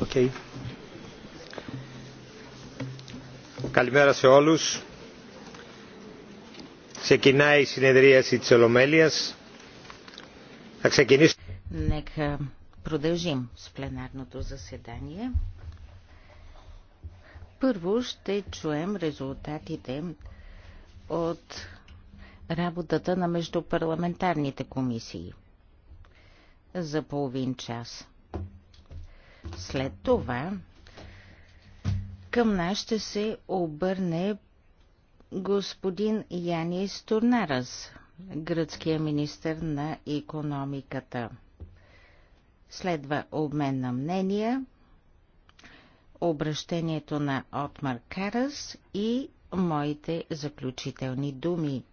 Okay. Καλημέρα σε όλους. Ξεκινάει η συνεδρίαση της Ολομέλειας. Θα ξεκινήσω... Нека продължим с пленарното заседание. Първо ще чуем резултатите от работата на междупарламентарните комисии за половин час. След това към нас ще се обърне господин Янис Турнарас, гръцкия министр на економиката. Следва обмен на мнения, обращението на Отмар Карас и моите заключителни думи.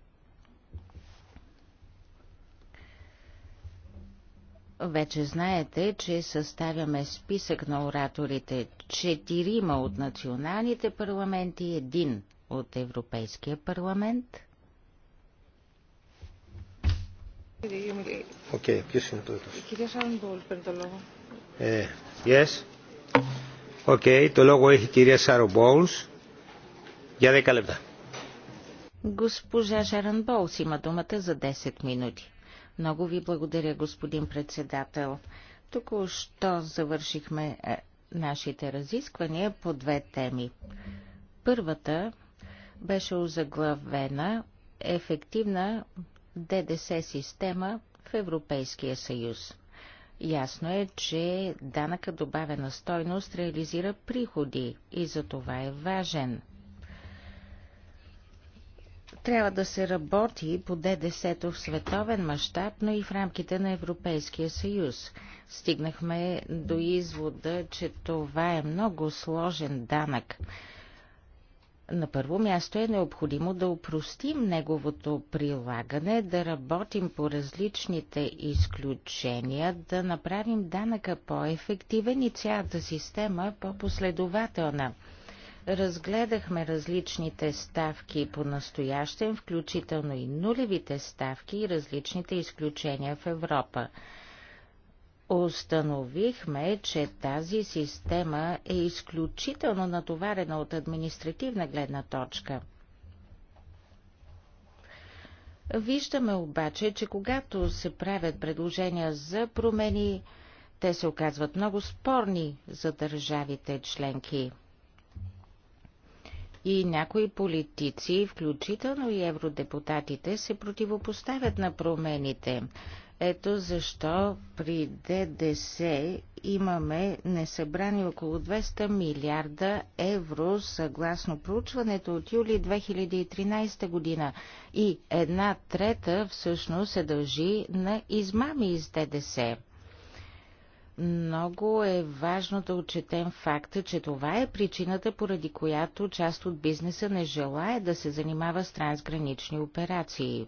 Вече знаете, че съставяме списък на ораторите четирима от националните парламенти и един от Европейския парламент. Okay, eh, yes. okay, το λόγο έχει η κυρία Σάρο Μπόλς για 10 λεπτά. Госпожа Шаран Болс има думата за 10 минути. Много ви благодаря, господин председател. Току-що завършихме е, нашите разисквания по две теми. Първата беше озаглавена ефективна ДДС система в Европейския съюз. Ясно е, че данъка добавена стойност реализира приходи и за това е важен – трябва да се работи по ДДС-то в световен мащаб, но и в рамките на Европейския съюз. Стигнахме до извода, че това е много сложен данък. На първо място е необходимо да упростим неговото прилагане, да работим по различните изключения, да направим данъка по-ефективен и цялата система по-последователна. Разгледахме различните ставки по настоящен, включително и нулевите ставки и различните изключения в Европа. Установихме, че тази система е изключително натоварена от административна гледна точка. Виждаме обаче, че когато се правят предложения за промени, те се оказват много спорни за държавите членки и някои политици, включително и евродепутатите, се противопоставят на промените. Ето защо при ДДС имаме несъбрани около 200 милиарда евро, съгласно проучването от юли 2013 година. И една трета всъщност се дължи на измами из ДДС. Много е важно да отчетем факта, че това е причината, поради която част от бизнеса не желая да се занимава с трансгранични операции.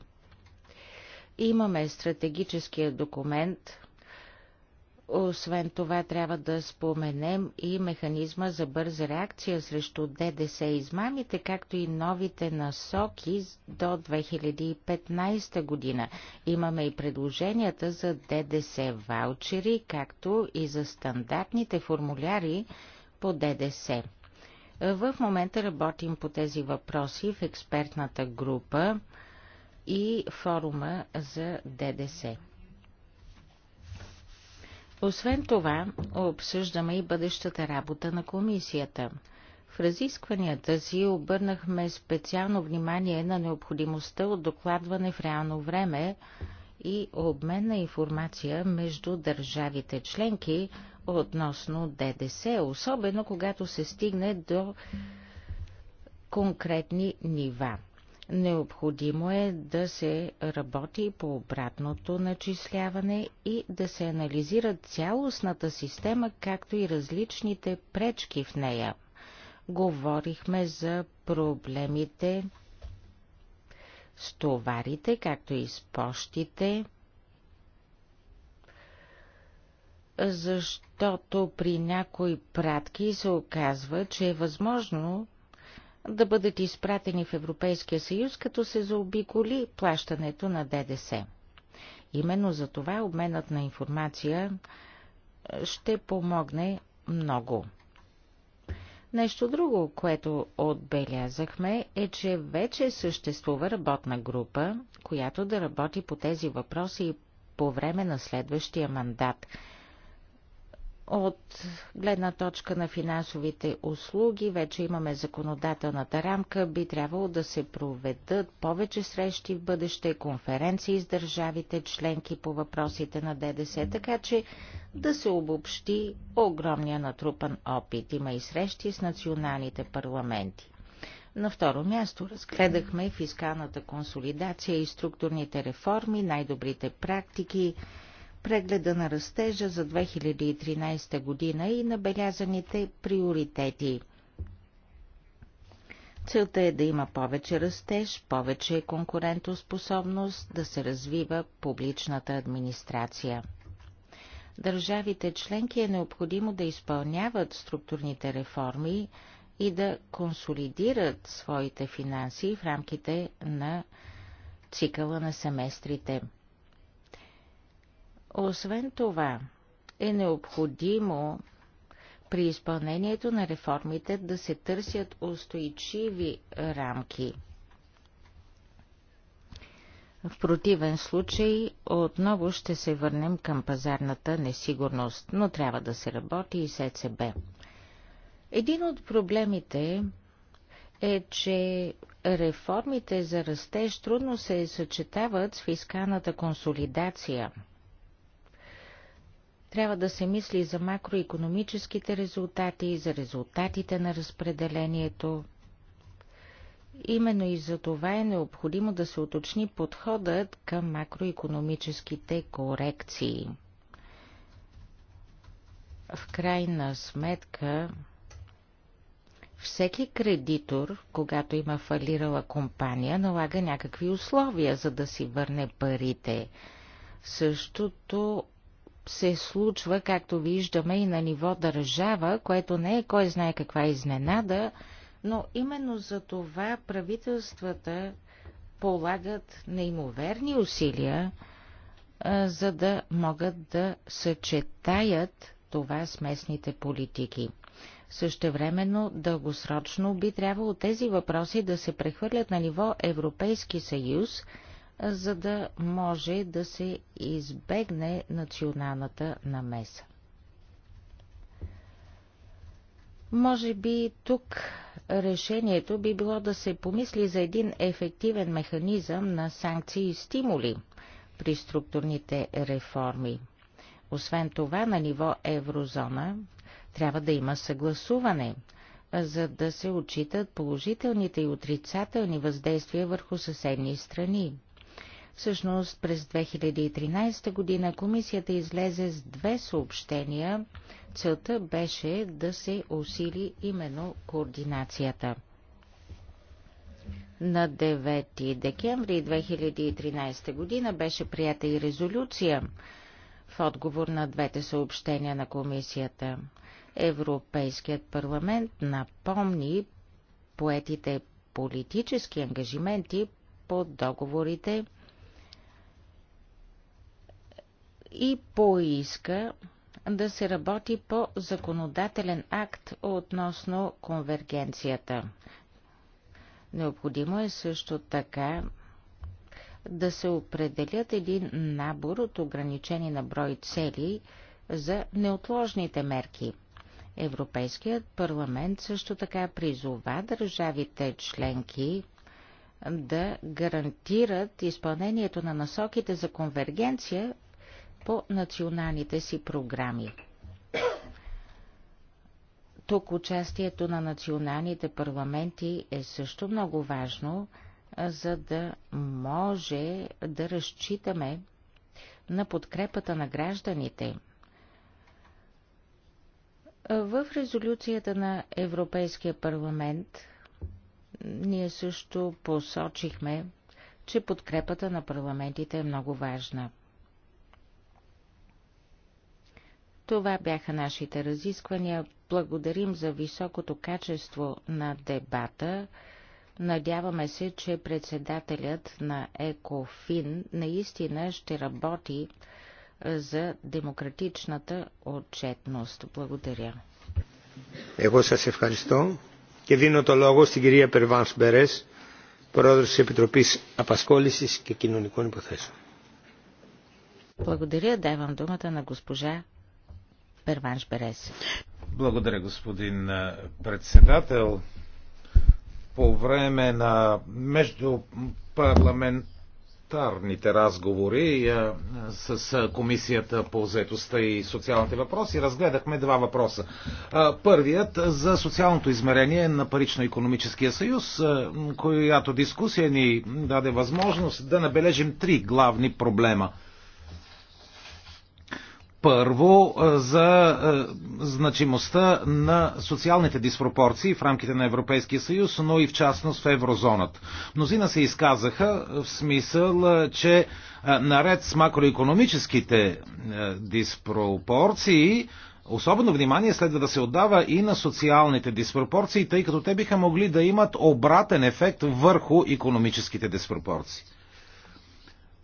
Имаме стратегическия документ освен това трябва да споменем и механизма за бърза реакция срещу ДДС измамите, както и новите насоки до 2015 година. Имаме и предложенията за ДДС ваучери, както и за стандартните формуляри по ДДС. В момента работим по тези въпроси в експертната група и форума за ДДС. Освен това, обсъждаме и бъдещата работа на комисията. В разискванията си обърнахме специално внимание на необходимостта от докладване в реално време и обмен на информация между държавите членки относно ДДС, особено когато се стигне до конкретни нива. Необходимо е да се работи по обратното начисляване и да се анализира цялостната система, както и различните пречки в нея. Говорихме за проблемите с товарите, както и с пощите, защото при някои пратки се оказва, че е възможно да бъдат изпратени в Европейския съюз, като се заобиколи плащането на ДДС. Именно за това обменът на информация е, ще помогне много. Нещо друго, което отбелязахме, е, че вече съществува работна група, която да работи по тези въпроси по време на следващия мандат – от гледна точка на финансовите услуги, вече имаме законодателната рамка, би трябвало да се проведат повече срещи в бъдеще, конференции с държавите, членки по въпросите на ДДС, така че да се обобщи огромния натрупан опит. Има и срещи с националните парламенти. На второ място разгледахме фискалната консолидация и структурните реформи, най-добрите практики, прегледа на растежа за 2013 година и набелязаните приоритети. Целта е да има повече растеж, повече конкурентоспособност, да се развива публичната администрация. Държавите членки е необходимо да изпълняват структурните реформи и да консолидират своите финанси в рамките на цикъла на семестрите. Освен това, е необходимо при изпълнението на реформите да се търсят устойчиви рамки. В противен случай отново ще се върнем към пазарната несигурност, но трябва да се работи и с ЕЦБ. Един от проблемите е, че реформите за растеж трудно се съчетават с фискалната консолидация – трябва да се мисли за макроекономическите резултати, за резултатите на разпределението. Именно и за това е необходимо да се уточни подходът към макроекономическите корекции. В крайна сметка, всеки кредитор, когато има фалирала компания, налага някакви условия, за да си върне парите. Същото се случва, както виждаме, и на ниво държава, което не е кой знае каква изненада, но именно за това правителствата полагат неимоверни усилия, за да могат да съчетаят това с местните политики. Същевременно, дългосрочно би трябвало тези въпроси да се прехвърлят на ниво Европейски съюз – за да може да се избегне националната намеса. Може би тук решението би било да се помисли за един ефективен механизъм на санкции и стимули при структурните реформи. Освен това, на ниво еврозона трябва да има съгласуване, за да се отчитат положителните и отрицателни въздействия върху съседни страни. Всъщност през 2013 година комисията излезе с две съобщения. Целта беше да се усили именно координацията. На 9 декември 2013 година беше прията и резолюция в отговор на двете съобщения на комисията. Европейският парламент напомни поетите политически ангажименти по договорите и поиска да се работи по законодателен акт относно конвергенцията. Необходимо е също така да се определят един набор от ограничени на брой цели за неотложните мерки. Европейският парламент също така призова държавите членки да гарантират изпълнението на насоките за конвергенция по националните си програми. Тук участието на националните парламенти е също много важно, за да може да разчитаме на подкрепата на гражданите. В резолюцията на Европейския парламент ние също посочихме, че подкрепата на парламентите е много важна. Това бяха нашите разисквания. Благодарим за високото качество на дебата. Надяваме се, че председателят на ЕКОФИН наистина ще работи за демократичната отчетност. Благодаря. Его σας ευχαριστώ και δίνω το λόγο στην κυρία Περβάνς Μπερές, πρόεδρος της Επιτροπής Απασχόλησης και Κοινωνικών Υποθέσεων. Благодаря, давам думата на госпожа Перванш Берес. Благодаря, господин председател. По време на междупарламентарните разговори с Комисията по заедостта и социалните въпроси разгледахме два въпроса. Първият за социалното измерение на Парично-економическия съюз, която дискусия ни даде възможност да набележим три главни проблема – първо, за значимостта на социалните диспропорции в рамките на Европейския съюз, но и в частност в еврозоната. Мнозина се изказаха в смисъл, че наред с макроекономическите диспропорции, Особено внимание следва да се отдава и на социалните диспропорции, тъй като те биха могли да имат обратен ефект върху економическите диспропорции.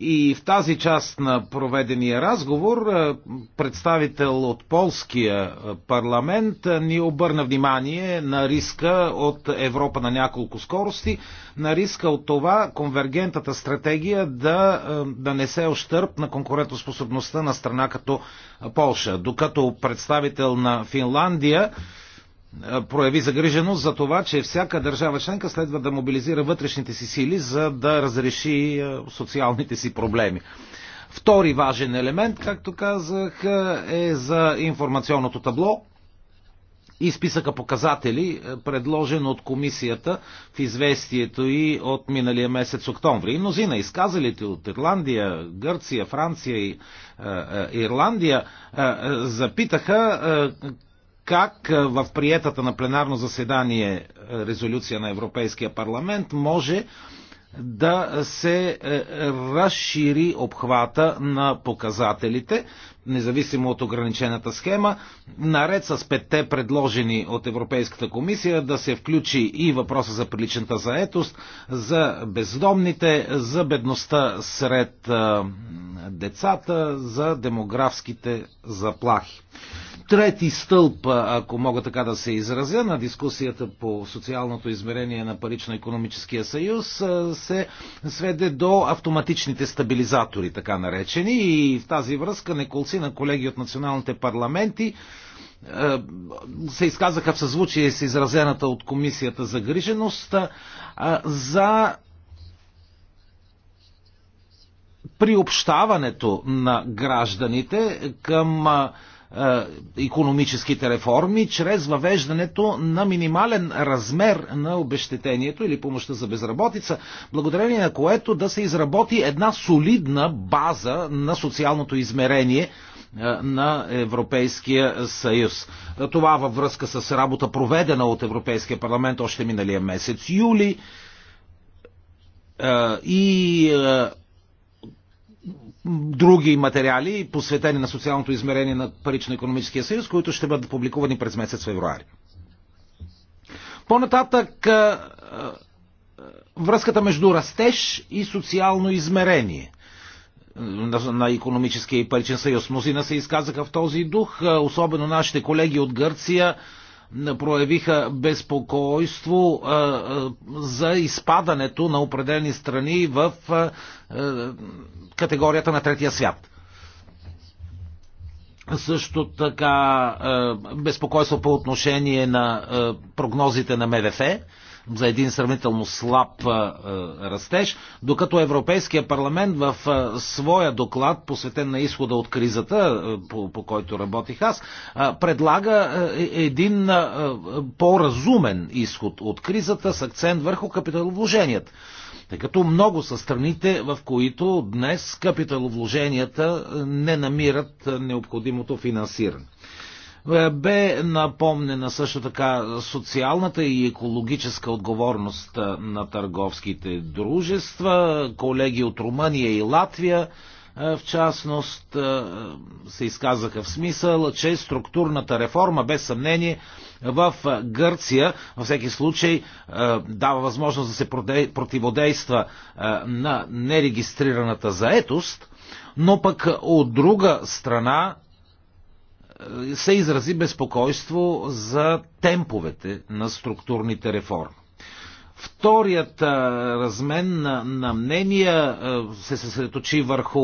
И в тази част на проведения разговор е, представител от полския е, парламент е, ни обърна внимание на риска от Европа на няколко скорости, на риска от това конвергентната стратегия да, да не се ощърп на конкурентоспособността на страна като Полша. Докато представител на Финландия е, прояви загриженост за това, че всяка държава членка следва да мобилизира вътрешните си сили, за да разреши е, социалните си проблеми. Втори важен елемент, както казах, е за информационното табло и списъка показатели, е, предложен от комисията в известието и от миналия месец октомври. И мнозина изказалите от Ирландия, Гърция, Франция и е, е, Ирландия е, запитаха как в приетата на пленарно заседание резолюция на Европейския парламент може да се разшири обхвата на показателите, независимо от ограничената схема, наред с петте предложени от Европейската комисия да се включи и въпроса за приличната заетост, за бездомните, за бедността сред децата, за демографските заплахи трети стълб, ако мога така да се изразя, на дискусията по социалното измерение на парично-економическия съюз се сведе до автоматичните стабилизатори, така наречени. И в тази връзка неколци на колеги от националните парламенти се изказаха в съзвучие с изразената от комисията загриженост за приобщаването на гражданите към економическите реформи чрез въвеждането на минимален размер на обещетението или помощта за безработица, благодарение на което да се изработи една солидна база на социалното измерение е, на Европейския съюз. Това във връзка с работа проведена от Европейския парламент още миналия месец юли е, и е, други материали, посветени на социалното измерение на парично-економическия съюз, които ще бъдат публикувани през месец февруари. По-нататък връзката между растеж и социално измерение на, економическия и паричен съюз. Мнозина се изказаха в този дух, особено нашите колеги от Гърция, проявиха безпокойство за изпадането на определени страни в категорията на третия свят. Също така безпокойство по отношение на прогнозите на МВФ, за един сравнително слаб растеж, докато Европейския парламент в своя доклад, посветен на изхода от кризата, по, по който работих аз, предлага е, един по-разумен изход от кризата с акцент върху капиталовложенията тъй като много са страните, в които днес капиталовложенията не намират необходимото финансиране. Е, бе напомнена също така социалната и екологическа отговорност е, на търговските дружества. Колеги от Румъния и Латвия е, в частност се изказаха в смисъл, че структурната реформа без съмнение в Гърция във всеки случай дава възможност да се противодейства на нерегистрираната заетост, но пък от друга страна се изрази безпокойство за темповете на структурните реформи. Вторият размен на, на мнения се съсредоточи върху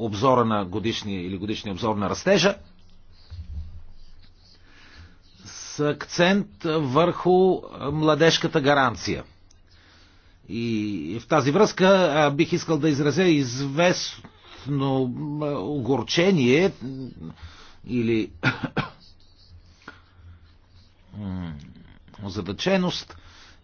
обзора на годишния или годишния обзор на растежа с акцент върху младежката гаранция. И в тази връзка бих искал да изразя известно огорчение или озадаченост.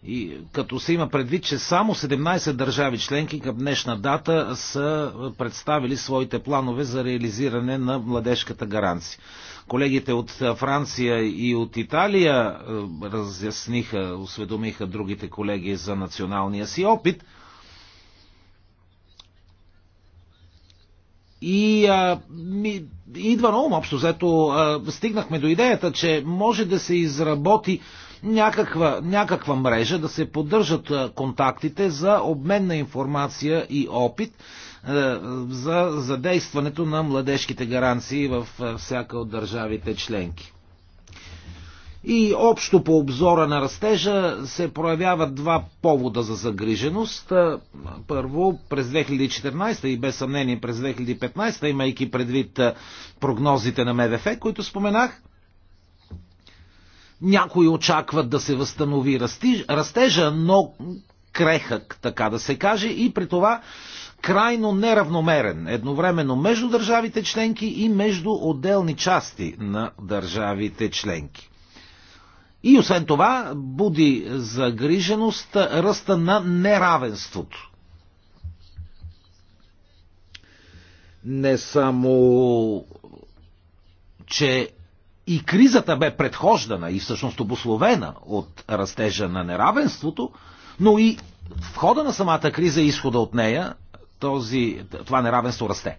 И като се има предвид, че само 17 държави членки към днешна дата са представили своите планове за реализиране на младежката гаранция. Колегите от Франция и от Италия е, разясниха, осведомиха другите колеги за националния си опит – И а, ми, идва на ум, общо взето, стигнахме до идеята, че може да се изработи някаква, някаква мрежа, да се поддържат а, контактите за обмен на информация и опит а, за задействането на младежките гаранции във всяка от държавите членки. И общо по обзора на растежа се проявяват два повода за загриженост. Първо, през 2014 и без съмнение през 2015, имайки предвид прогнозите на МВФ, които споменах, някои очакват да се възстанови растежа, но крехък, така да се каже, и при това крайно неравномерен, едновременно между държавите членки и между отделни части на държавите членки. И освен това буди загриженост ръста на неравенството. Не само, че и кризата бе предхождана и всъщност обословена от растежа на неравенството, но и в хода на самата криза и изхода от нея този, това неравенство расте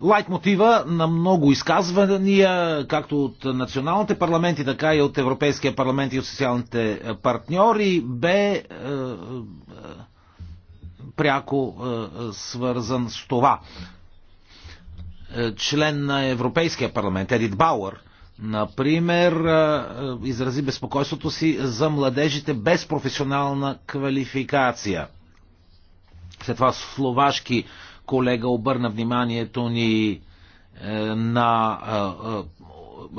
лайт мотива на много изказвания, както от националните парламенти, така и от Европейския парламент и от социалните е, партньори, бе е, е, пряко е, е свързан с това. Е, член на Европейския парламент, Едит Бауър, например, изрази безпокойството си за младежите без професионална квалификация. След това словашки колега обърна вниманието ни е, на е,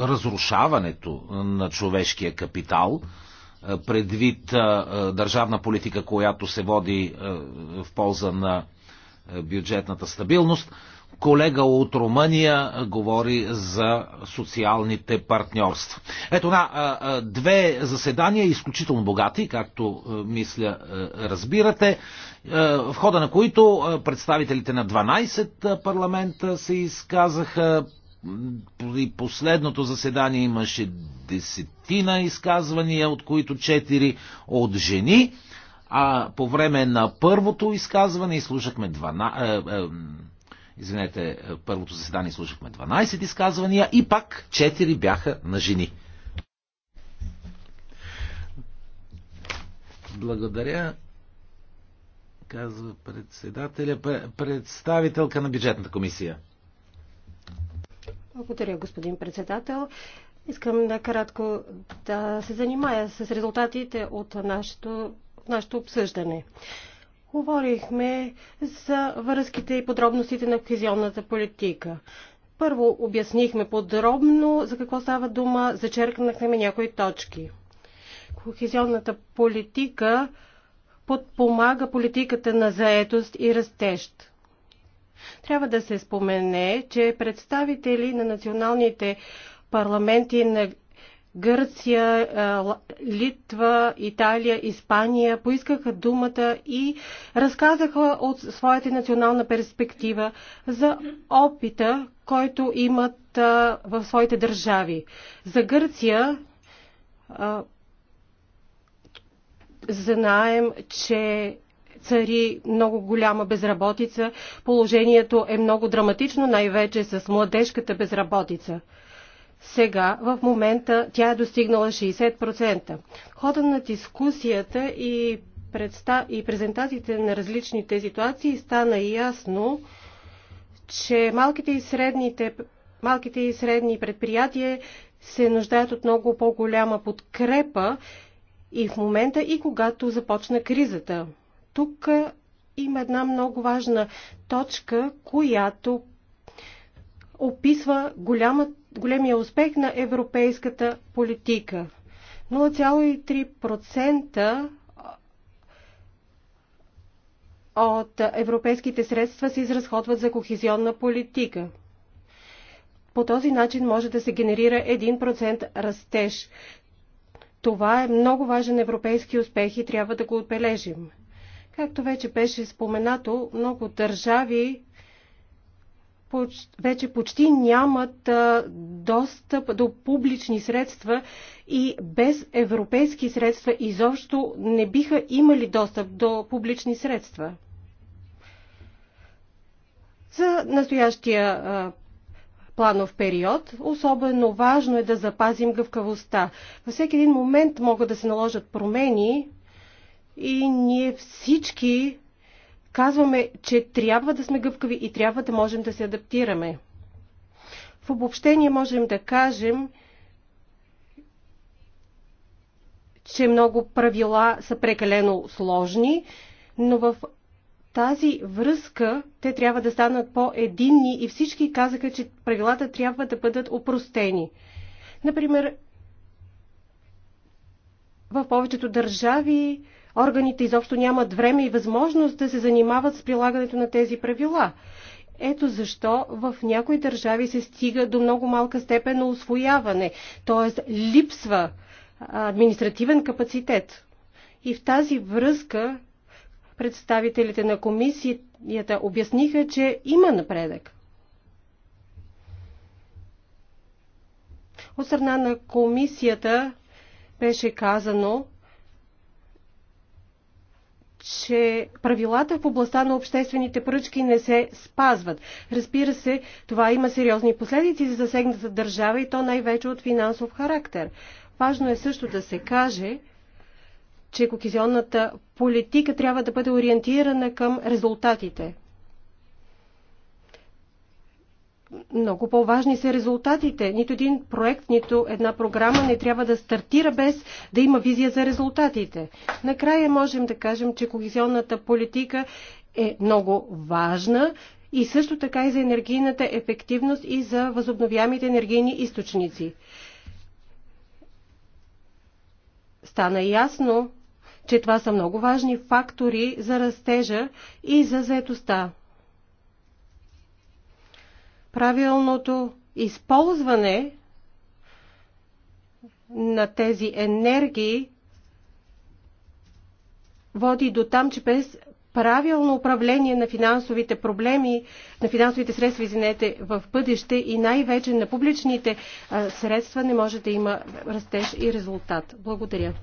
е, разрушаването на човешкия капитал, предвид държавна политика, която се води в полза на бюджетната стабилност колега от Румъния говори за социалните партньорства. Ето на две заседания, изключително богати, както мисля разбирате, в хода на които представителите на 12 парламента се изказаха. При последното заседание имаше десетина изказвания, от които четири от жени. А по време на първото изказване изслушахме 12, Извинете, е, първото заседание слушахме 12 изказвания и пак 4 бяха на жени. Благодаря, казва председателя, представителка на бюджетната комисия. Благодаря, господин председател. Искам накратко да се занимая с резултатите от нашето, нашето обсъждане говорихме за връзките и подробностите на кохезионната политика. Първо обяснихме подробно за какво става дума, зачеркнахме някои точки. Кохезионната политика подпомага политиката на заетост и растеж. Трябва да се спомене, че представители на националните парламенти на Гърция, е, Литва, Италия, Испания поискаха думата и разказаха от своята национална перспектива за опита, който имат е, в своите държави. За Гърция е, знаем, че цари много голяма безработица. Положението е много драматично, най-вече с младежката безработица. Сега, в момента, тя е достигнала 60%. Хода на дискусията и, предста... и презентациите на различните ситуации стана ясно, че малките и, средните, малките и средни предприятия се нуждаят от много по-голяма подкрепа и в момента, и когато започна кризата. Тук има една много важна точка, която описва голямата големия успех на европейската политика. 0,3% от европейските средства се изразходват за кохезионна политика. По този начин може да се генерира 1% растеж. Това е много важен европейски успех и трябва да го отбележим. Както вече беше споменато, много държави вече почти нямат достъп до публични средства и без европейски средства изобщо не биха имали достъп до публични средства. За настоящия планов период, особено важно е да запазим гъвкавостта. Във всеки един момент могат да се наложат промени и ние всички казваме, че трябва да сме гъвкави и трябва да можем да се адаптираме. В обобщение можем да кажем, че много правила са прекалено сложни, но в тази връзка те трябва да станат по-единни и всички казаха, че правилата трябва да бъдат опростени. Например, в повечето държави органите изобщо нямат време и възможност да се занимават с прилагането на тези правила. Ето защо в някои държави се стига до много малка степен на освояване, т.е. липсва административен капацитет. И в тази връзка представителите на комисията обясниха, че има напредък. От страна на комисията беше казано, че правилата в областта на обществените поръчки не се спазват. Разбира се, това има сериозни последици за засегната държава и то най-вече от финансов характер. Важно е също да се каже, че кохезионната политика трябва да бъде ориентирана към резултатите много по-важни са резултатите. Нито един проект, нито една програма не трябва да стартира без да има визия за резултатите. Накрая можем да кажем, че кохезионната политика е много важна и също така и за енергийната ефективност и за възобновяемите енергийни източници. Стана ясно, че това са много важни фактори за растежа и за заетостта правилното използване на тези енергии води до там, че без правилно управление на финансовите проблеми, на финансовите средства, извинете, в бъдеще и най-вече на публичните средства не може да има растеж и резултат. Благодаря.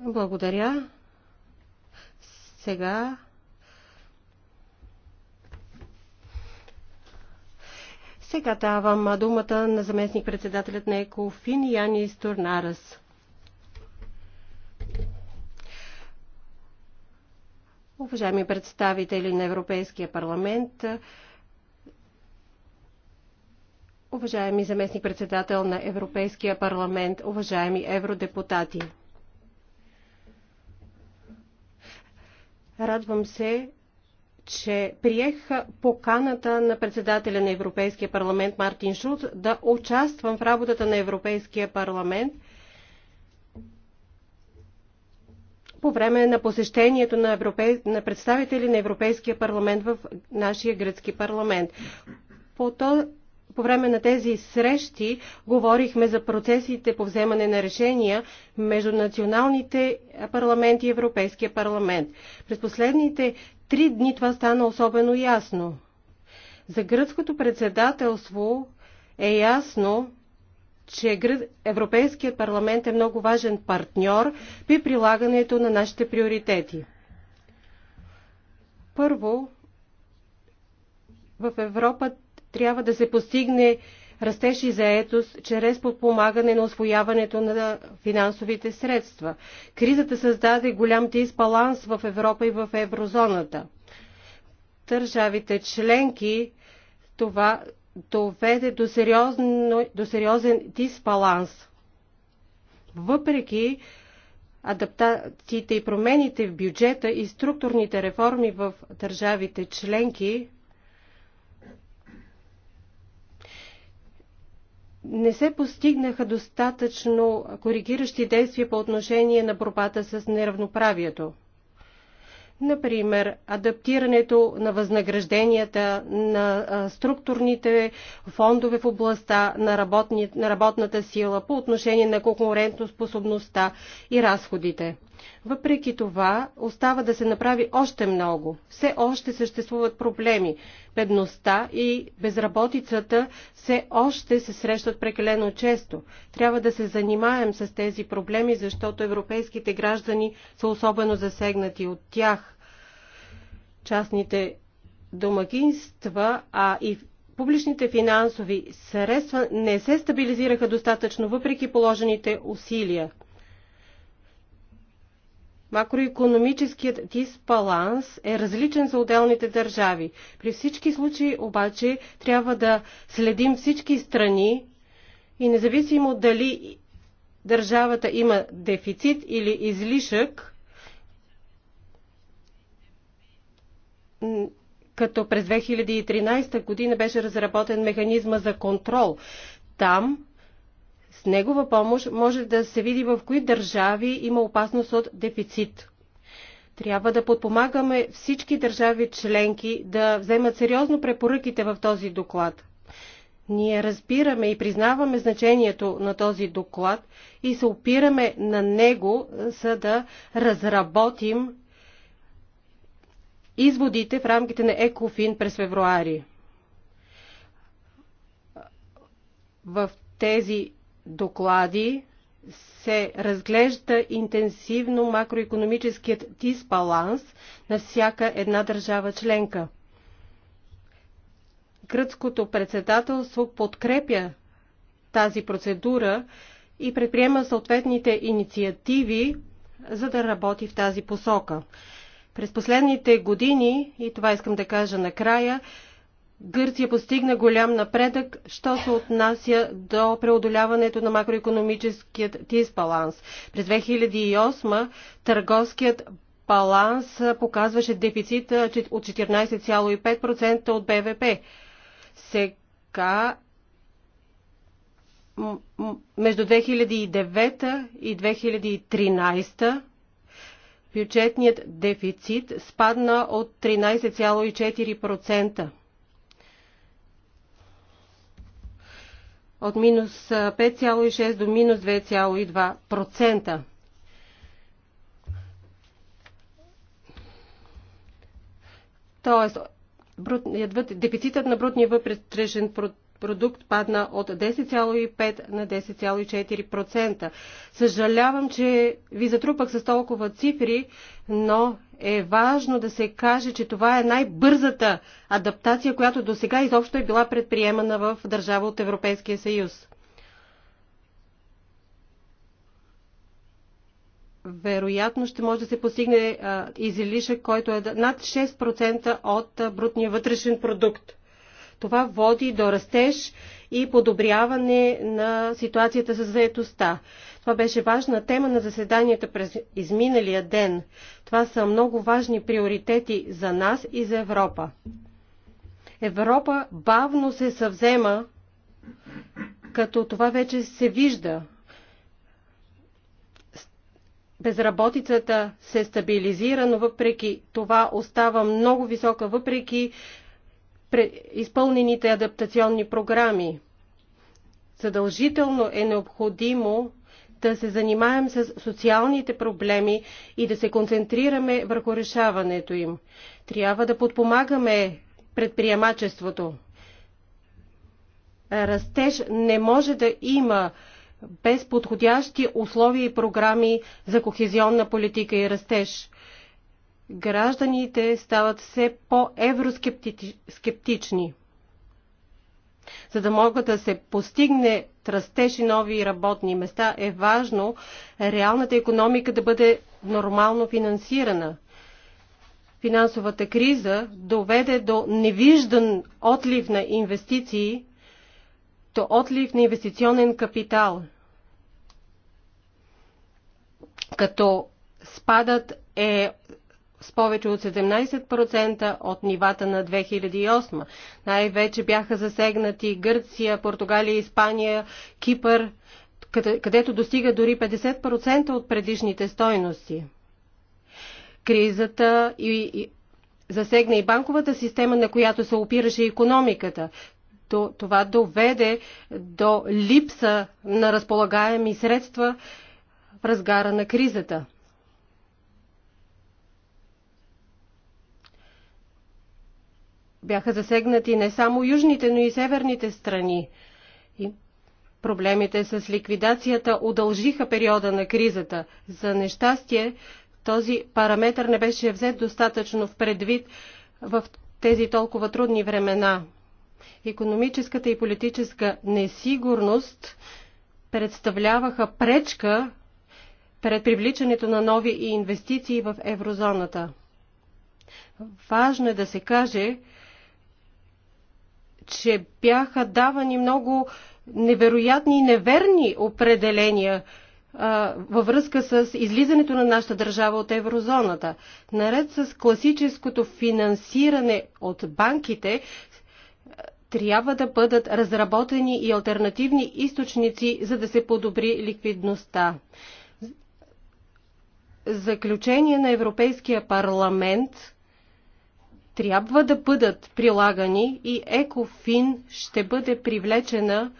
Благодаря. Сега Сега давам думата на заместник-председателят на ЕКОФИН Яни Стурнарас. Уважаеми представители на Европейския парламент, уважаеми заместник-председател на Европейския парламент, уважаеми евродепутати. Радвам се, че приех поканата на председателя на Европейския парламент Мартин Шулц да участвам в работата на Европейския парламент по време на посещението на, европей... на представители на Европейския парламент в нашия гръцки парламент. По, то... по време на тези срещи говорихме за процесите по вземане на решения между националните парламенти и Европейския парламент. През последните три дни това стана особено ясно. За гръцкото председателство е ясно, че Европейският парламент е много важен партньор при прилагането на нашите приоритети. Първо, в Европа трябва да се постигне растеж и заетост чрез подпомагане на освояването на финансовите средства. Кризата създаде голям дисбаланс в Европа и в еврозоната. Държавите членки това доведе до, сериозно, до сериозен дисбаланс. Въпреки адаптациите и промените в бюджета и структурните реформи в държавите членки, не се постигнаха достатъчно коригиращи действия по отношение на борбата с неравноправието. Например, адаптирането на възнагражденията на структурните фондове в областта на, работни, на работната сила по отношение на конкурентоспособността и разходите. Въпреки това, остава да се направи още много. Все още съществуват проблеми. Бедността и безработицата все още се срещат прекалено често. Трябва да се занимаем с тези проблеми, защото европейските граждани са особено засегнати от тях. Частните домакинства, а и публичните финансови средства не се стабилизираха достатъчно въпреки положените усилия. Макроекономическият дисбаланс е различен за отделните държави. При всички случаи обаче трябва да следим всички страни и независимо дали държавата има дефицит или излишък, като през 2013 година беше разработен механизма за контрол. Там с негова помощ може да се види в кои държави има опасност от дефицит. Трябва да подпомагаме всички държави членки да вземат сериозно препоръките в този доклад. Ние разбираме и признаваме значението на този доклад и се опираме на него, за да разработим изводите в рамките на Екофин през февруари. В тези доклади се разглежда интенсивно макроекономическият дисбаланс на всяка една държава членка. Гръцкото председателство подкрепя тази процедура и предприема съответните инициативи, за да работи в тази посока. През последните години, и това искам да кажа накрая, Гърция постигна голям напредък, що се отнася до преодоляването на макроекономическият дисбаланс. През 2008 търговският баланс показваше дефицит от 14,5% от БВП. Сега между 2009 и 2013 бюджетният дефицит спадна от 13,4%. от минус 5,6 до минус 2,2%. Тоест, дефицитът на брутния вътрешен продукт продукт падна от 10,5 на 10,4%. Съжалявам, че ви затрупах с толкова цифри, но е важно да се каже, че това е най-бързата адаптация, която до сега изобщо е била предприемана в държава от Европейския съюз. вероятно ще може да се постигне излишък, който е над 6% от брутния вътрешен продукт. Това води до растеж и подобряване на ситуацията с заедостта. Това беше важна тема на заседанията през изминалия ден. Това са много важни приоритети за нас и за Европа. Европа бавно се съвзема, като това вече се вижда. Безработицата се стабилизира, но въпреки това остава много висока, въпреки изпълнените адаптационни програми. Задължително е необходимо да се занимаем с социалните проблеми и да се концентрираме върху решаването им. Трябва да подпомагаме предприемачеството. Растеж не може да има без подходящи условия и програми за кохезионна политика и растеж гражданите стават все по-евроскептични. За да могат да се постигне тръстеши и нови работни места, е важно реалната економика да бъде нормално финансирана. Финансовата криза доведе до невиждан отлив на инвестиции, до отлив на инвестиционен капитал, като спадът е с повече от 17% от нивата на 2008. Най-вече бяха засегнати Гърция, Португалия, Испания, Кипър, където достига дори 50% от предишните стойности. Кризата и, и засегна и банковата система, на която се опираше економиката. Това доведе до липса на разполагаеми средства в разгара на кризата. Бяха засегнати не само южните, но и северните страни. И проблемите с ликвидацията удължиха периода на кризата. За нещастие, този параметр не беше взет достатъчно в предвид в тези толкова трудни времена. Економическата и политическа несигурност представляваха пречка пред привличането на нови инвестиции в еврозоната. Важно е да се каже, че бяха давани много невероятни и неверни определения а, във връзка с излизането на нашата държава от еврозоната. Наред с класическото финансиране от банките, трябва да бъдат разработени и альтернативни източници, за да се подобри ликвидността. Заключение на Европейския парламент трябва да бъдат прилагани и Екофин ще бъде привлечена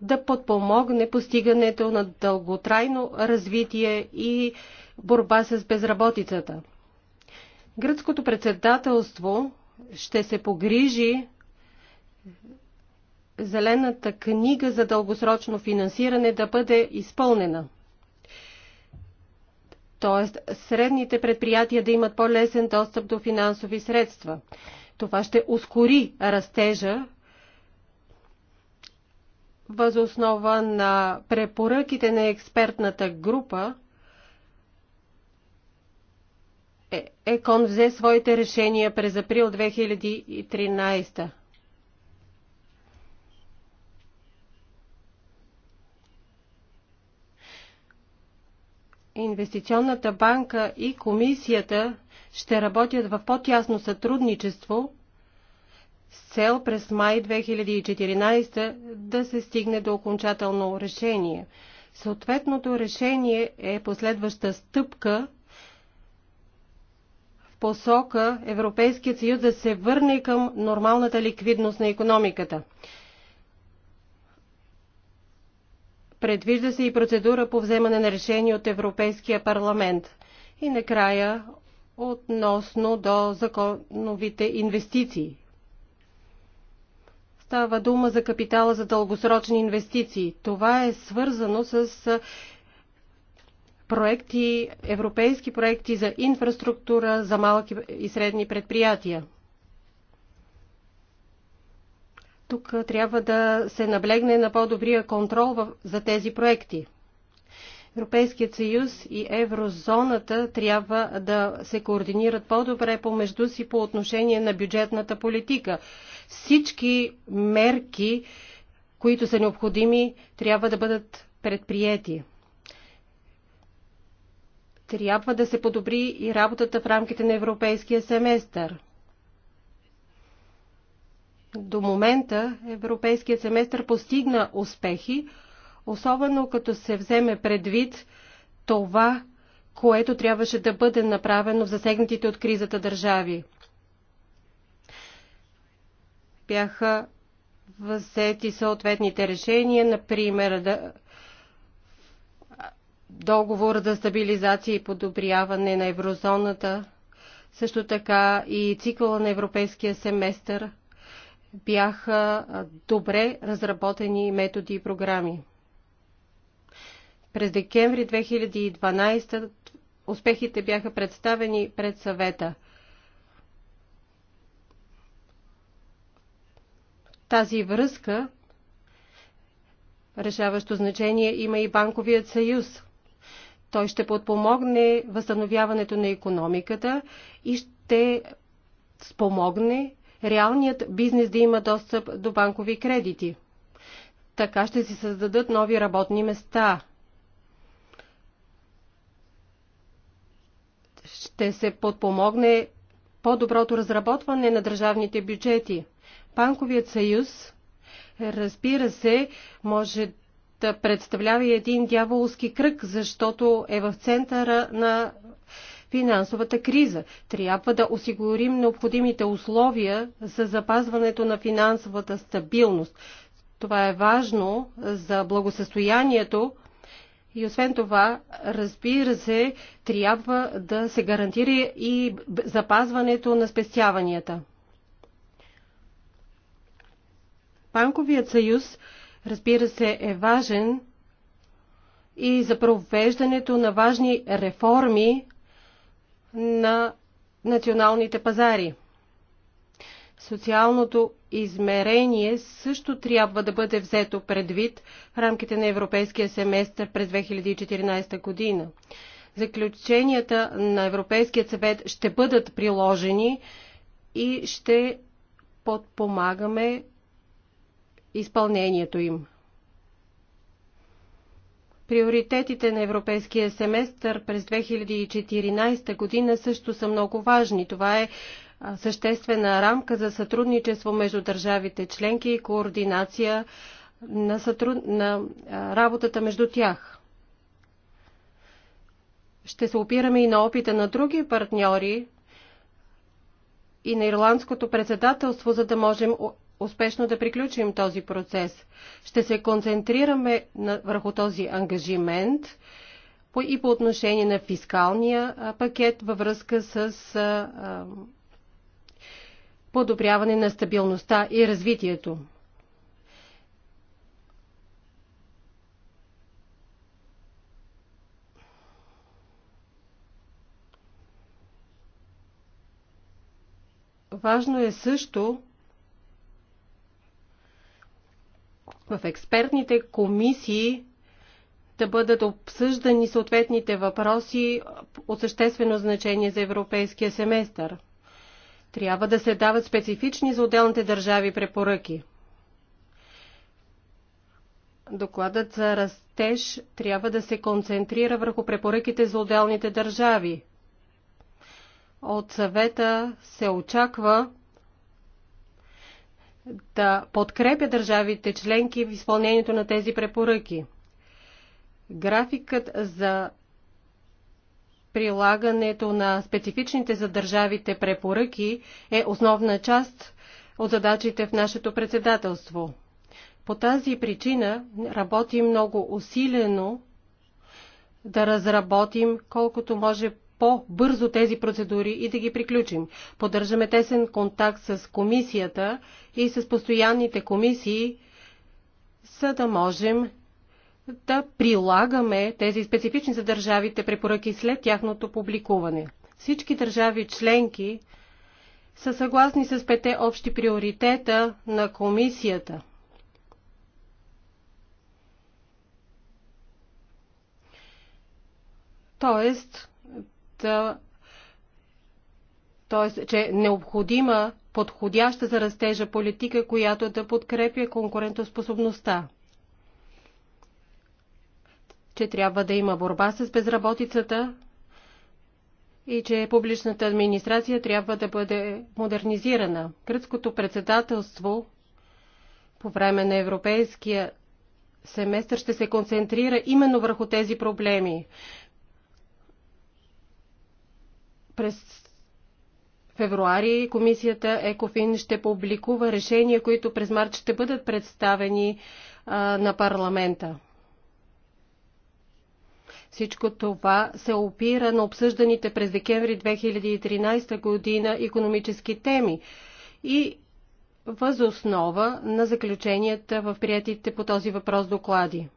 да подпомогне постигането на дълготрайно развитие и борба с безработицата. Гръцкото председателство ще се погрижи зелената книга за дългосрочно финансиране да бъде изпълнена – т.е. средните предприятия да имат по-лесен достъп до финансови средства. Това ще ускори растежа възоснова на препоръките на експертната група. Е, ЕКОН взе своите решения през април 2013. инвестиционната банка и комисията ще работят в по-тясно сътрудничество с цел през май 2014 да се стигне до окончателно решение. Съответното решение е последваща стъпка в посока Европейският съюз да се върне към нормалната ликвидност на економиката. Предвижда се и процедура по вземане на решение от Европейския парламент. И накрая относно до законовите инвестиции. Става дума за капитала за дългосрочни инвестиции. Това е свързано с проекти, европейски проекти за инфраструктура за малки и средни предприятия. Тук трябва да се наблегне на по-добрия контрол за тези проекти. Европейският съюз и еврозоната трябва да се координират по-добре помежду си по отношение на бюджетната политика. Всички мерки, които са необходими, трябва да бъдат предприяти. Трябва да се подобри и работата в рамките на европейския семестър. До момента Европейският семестър постигна успехи, особено като се вземе предвид това, което трябваше да бъде направено в засегнатите от кризата държави. Бяха взети съответните решения, например да, договор за стабилизация и подобряване на еврозоната, също така и цикъла на европейския семестър – бяха добре разработени методи и програми. През декември 2012 успехите бяха представени пред съвета. Тази връзка решаващо значение има и Банковият съюз. Той ще подпомогне възстановяването на економиката и ще спомогне реалният бизнес да има достъп до банкови кредити. Така ще се създадат нови работни места. Ще се подпомогне по-доброто разработване на държавните бюджети. Банковият съюз, разбира се, може да представлява един дяволски кръг, защото е в центъра на финансовата криза. Трябва да осигурим необходимите условия за запазването на финансовата стабилност. Това е важно за благосъстоянието и освен това, разбира се, трябва да се гарантира и запазването на спестяванията. Банковият съюз, разбира се, е важен и за провеждането на важни реформи на националните пазари. Социалното измерение също трябва да бъде взето предвид в рамките на Европейския семестър през 2014 година. Заключенията на Европейския съвет ще бъдат приложени и ще подпомагаме изпълнението им. Приоритетите на европейския семестър през 2014 година също са много важни. Това е съществена рамка за сътрудничество между държавите членки и координация на, сътруд... на работата между тях. Ще се опираме и на опита на други партньори и на ирландското председателство, за да можем успешно да приключим този процес. Ще се концентрираме на, върху този ангажимент по, и по отношение на фискалния а, пакет във връзка с а, а, подобряване на стабилността и развитието. Важно е също в експертните комисии да бъдат обсъждани съответните въпроси от съществено значение за европейския семестър. Трябва да се дават специфични за отделните държави препоръки. Докладът за растеж трябва да се концентрира върху препоръките за отделните държави. От съвета се очаква да подкрепя държавите членки в изпълнението на тези препоръки. Графикът за прилагането на специфичните за държавите препоръки е основна част от задачите в нашето председателство. По тази причина работим много усилено да разработим колкото може по-бързо тези процедури и да ги приключим. Поддържаме тесен контакт с комисията и с постоянните комисии, за да можем да прилагаме тези специфични за държавите препоръки след тяхното публикуване. Всички държави членки са съгласни с пете общи приоритета на комисията. Тоест, т.е. че е необходима подходяща за растежа политика, която да подкрепя конкурентоспособността. Че трябва да има борба с безработицата и че публичната администрация трябва да бъде модернизирана. Гръцкото председателство по време на европейския семестър ще се концентрира именно върху тези проблеми. През февруари комисията ЕКОФИН ще публикува решения, които през март ще бъдат представени а, на парламента. Всичко това се опира на обсъжданите през декември 2013 година економически теми и възоснова на заключенията в приятите по този въпрос доклади.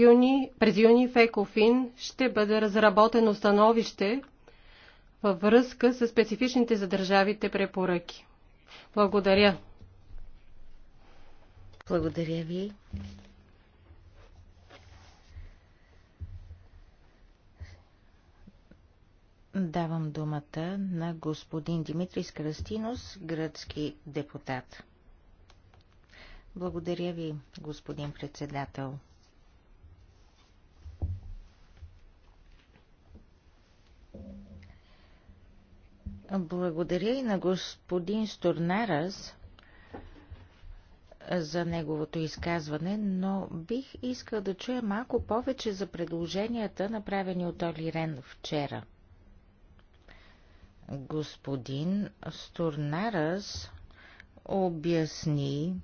юни, през юни в Екофин ще бъде разработено становище във връзка с специфичните за държавите препоръки. Благодаря. Благодаря ви. Давам думата на господин Димитрий Скрастинос, гръцки депутат. Благодаря ви, господин председател. Благодаря и на господин Стурнарас за неговото изказване, но бих искал да чуя малко повече за предложенията, направени от Оли Рен вчера. Господин Стурнарас обясни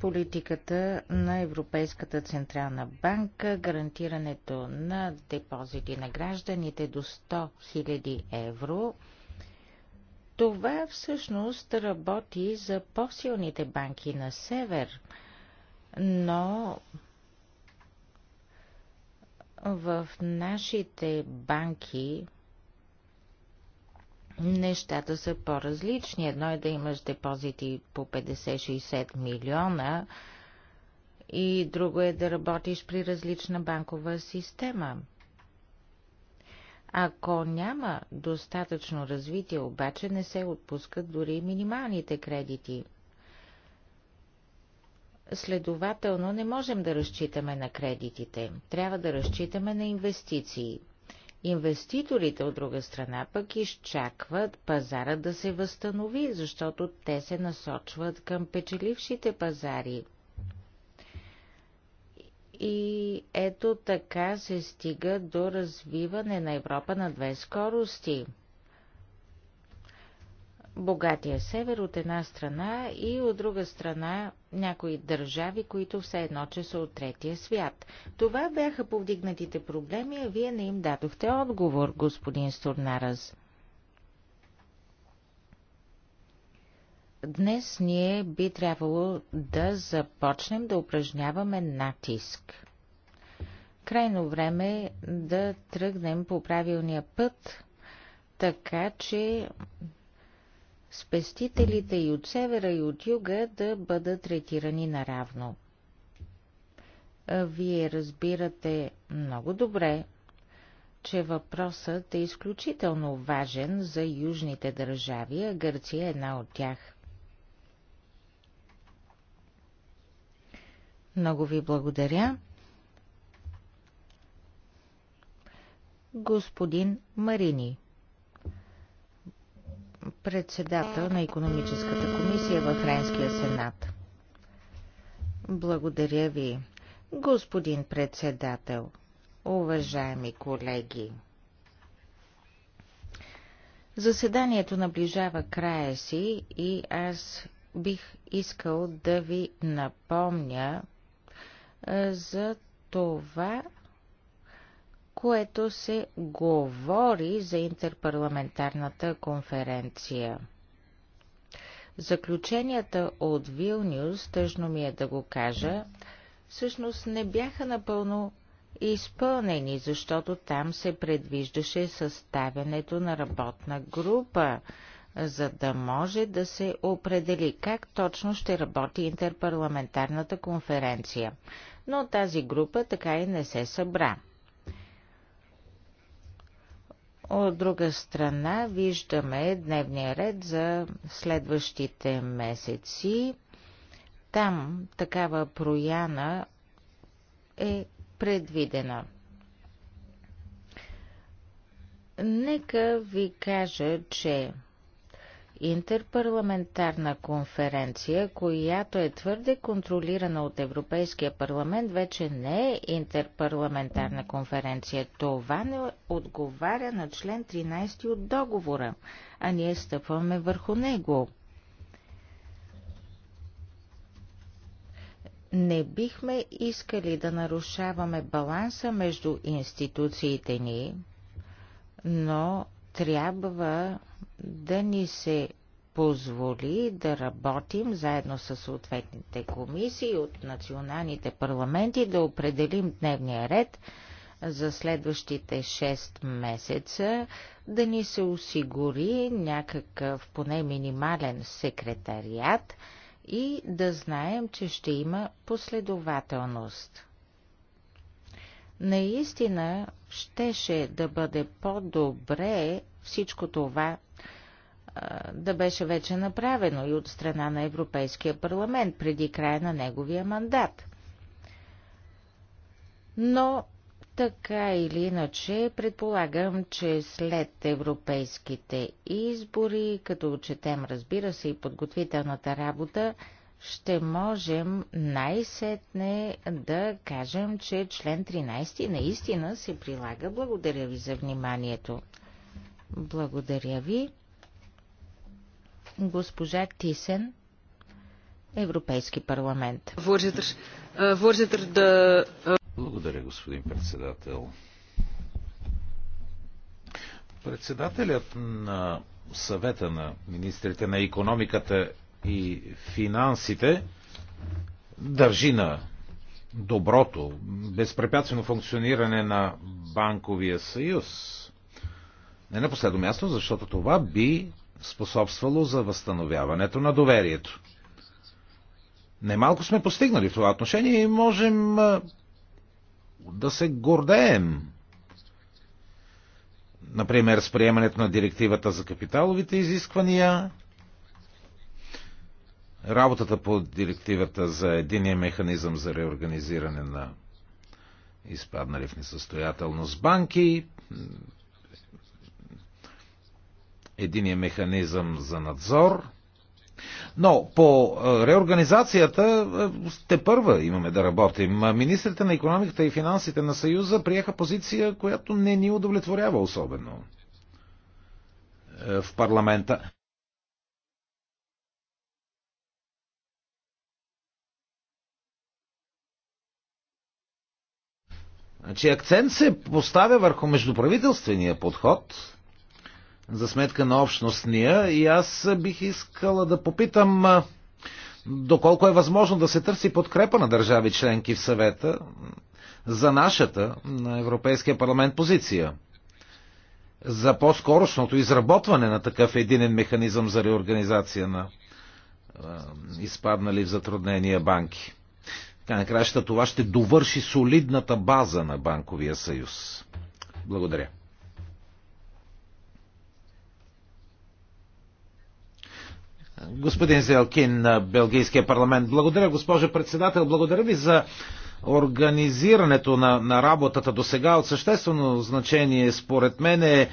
политиката на Европейската Централна банка, гарантирането на депозити на гражданите до 100 000 евро – това всъщност работи за по-силните банки на север, но в нашите банки нещата са по-различни. Едно е да имаш депозити по 50-60 милиона и друго е да работиш при различна банкова система. Ако няма достатъчно развитие, обаче не се отпускат дори минималните кредити. Следователно не можем да разчитаме на кредитите, трябва да разчитаме на инвестиции. Инвеститорите от друга страна пък изчакват пазара да се възстанови, защото те се насочват към печелившите пазари – и ето така се стига до развиване на Европа на две скорости. Богатия е север от една страна и от друга страна някои държави, които все едно, че са от третия свят. Това бяха повдигнатите проблеми, а вие не им дадохте отговор, господин Стурнарас. Днес ние би трябвало да започнем да упражняваме натиск. Крайно време е да тръгнем по правилния път, така че спестителите и от севера и от юга да бъдат третирани наравно. Вие разбирате много добре, че въпросът е изключително важен за южните държави, а Гърция е една от тях – Много ви благодаря. Господин Марини, председател на економическата комисия във Френския сенат. Благодаря ви, господин председател, уважаеми колеги. Заседанието наближава края си и аз бих искал да ви напомня за това, което се говори за интерпарламентарната конференция. Заключенията от Вилнюс, тъжно ми е да го кажа, всъщност не бяха напълно изпълнени, защото там се предвиждаше съставянето на работна група за да може да се определи как точно ще работи интерпарламентарната конференция. Но тази група така и не се събра. От друга страна виждаме дневния ред за следващите месеци. Там такава прояна е предвидена. Нека ви кажа, че интерпарламентарна конференция, която е твърде контролирана от Европейския парламент, вече не е интерпарламентарна конференция. Това не отговаря на член 13 от договора, а ние стъпваме върху него. Не бихме искали да нарушаваме баланса между институциите ни, но трябва да ни се позволи да работим заедно с съответните комисии от националните парламенти, да определим дневния ред за следващите 6 месеца, да ни се осигури някакъв поне минимален секретариат и да знаем, че ще има последователност. Наистина щеше да бъде по-добре всичко това да беше вече направено и от страна на Европейския парламент преди края на неговия мандат. Но така или иначе, предполагам, че след европейските избори, като отчетем, разбира се, и подготвителната работа, ще можем най-сетне да кажем, че член 13 наистина се прилага. Благодаря ви за вниманието. Благодаря ви. Госпожа Тисен, Европейски парламент. Eh, eh, Благодаря, господин председател. Председателят на съвета на министрите на економиката и финансите държи на доброто, безпрепятствено функциониране на банковия съюз. Не на последно място, защото това би способствало за възстановяването на доверието. Немалко сме постигнали в това отношение и можем да се гордеем. Например, с приемането на директивата за капиталовите изисквания, работата по директивата за единия механизъм за реорганизиране на изпаднали в несъстоятелност банки, единия механизъм за надзор. Но по е, реорганизацията е, те първа имаме да работим. Министрите на економиката и финансите на Съюза приеха позиция, която не ни удовлетворява особено е, в парламента. Значи акцент се поставя върху междуправителствения подход, за сметка на общностния и аз бих искала да попитам доколко е възможно да се търси подкрепа на държави членки в съвета за нашата на Европейския парламент позиция за по-скорошното изработване на такъв единен механизъм за реорганизация на е, изпаднали в затруднения банки. Така накрая това ще довърши солидната база на банковия съюз. Благодаря. Господин Зелкин, Белгийския парламент. Благодаря, госпожо председател. Благодаря ви за Организирането на, на работата до сега от съществено значение, според мен, е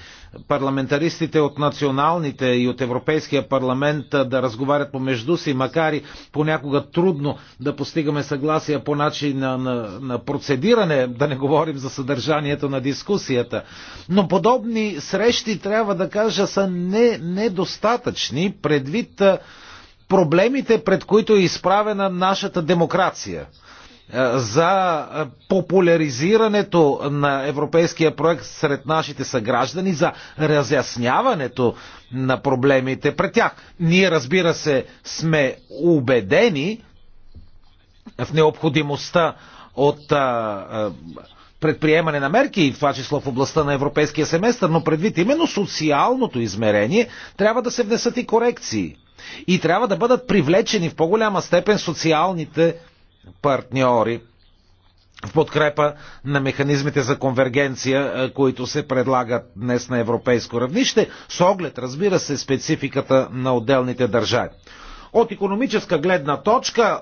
парламентаристите от националните и от Европейския парламент да разговарят помежду си, макар и понякога трудно да постигаме съгласие по начин на, на, на процедиране, да не говорим за съдържанието на дискусията. Но подобни срещи, трябва да кажа, са не, недостатъчни предвид проблемите, пред които е изправена нашата демокрация. Е, за е, популяризирането на европейския проект сред нашите съграждани, за разясняването на проблемите пред тях. Ние, разбира се, сме убедени в необходимостта от е, предприемане на мерки, в това число в областта на европейския семестър, но предвид именно социалното измерение, трябва да се внесат и корекции. И трябва да бъдат привлечени в по-голяма степен социалните партньори в подкрепа на механизмите за конвергенция, които се предлагат днес на европейско равнище, с оглед, разбира се, спецификата на отделните държави. От економическа гледна точка,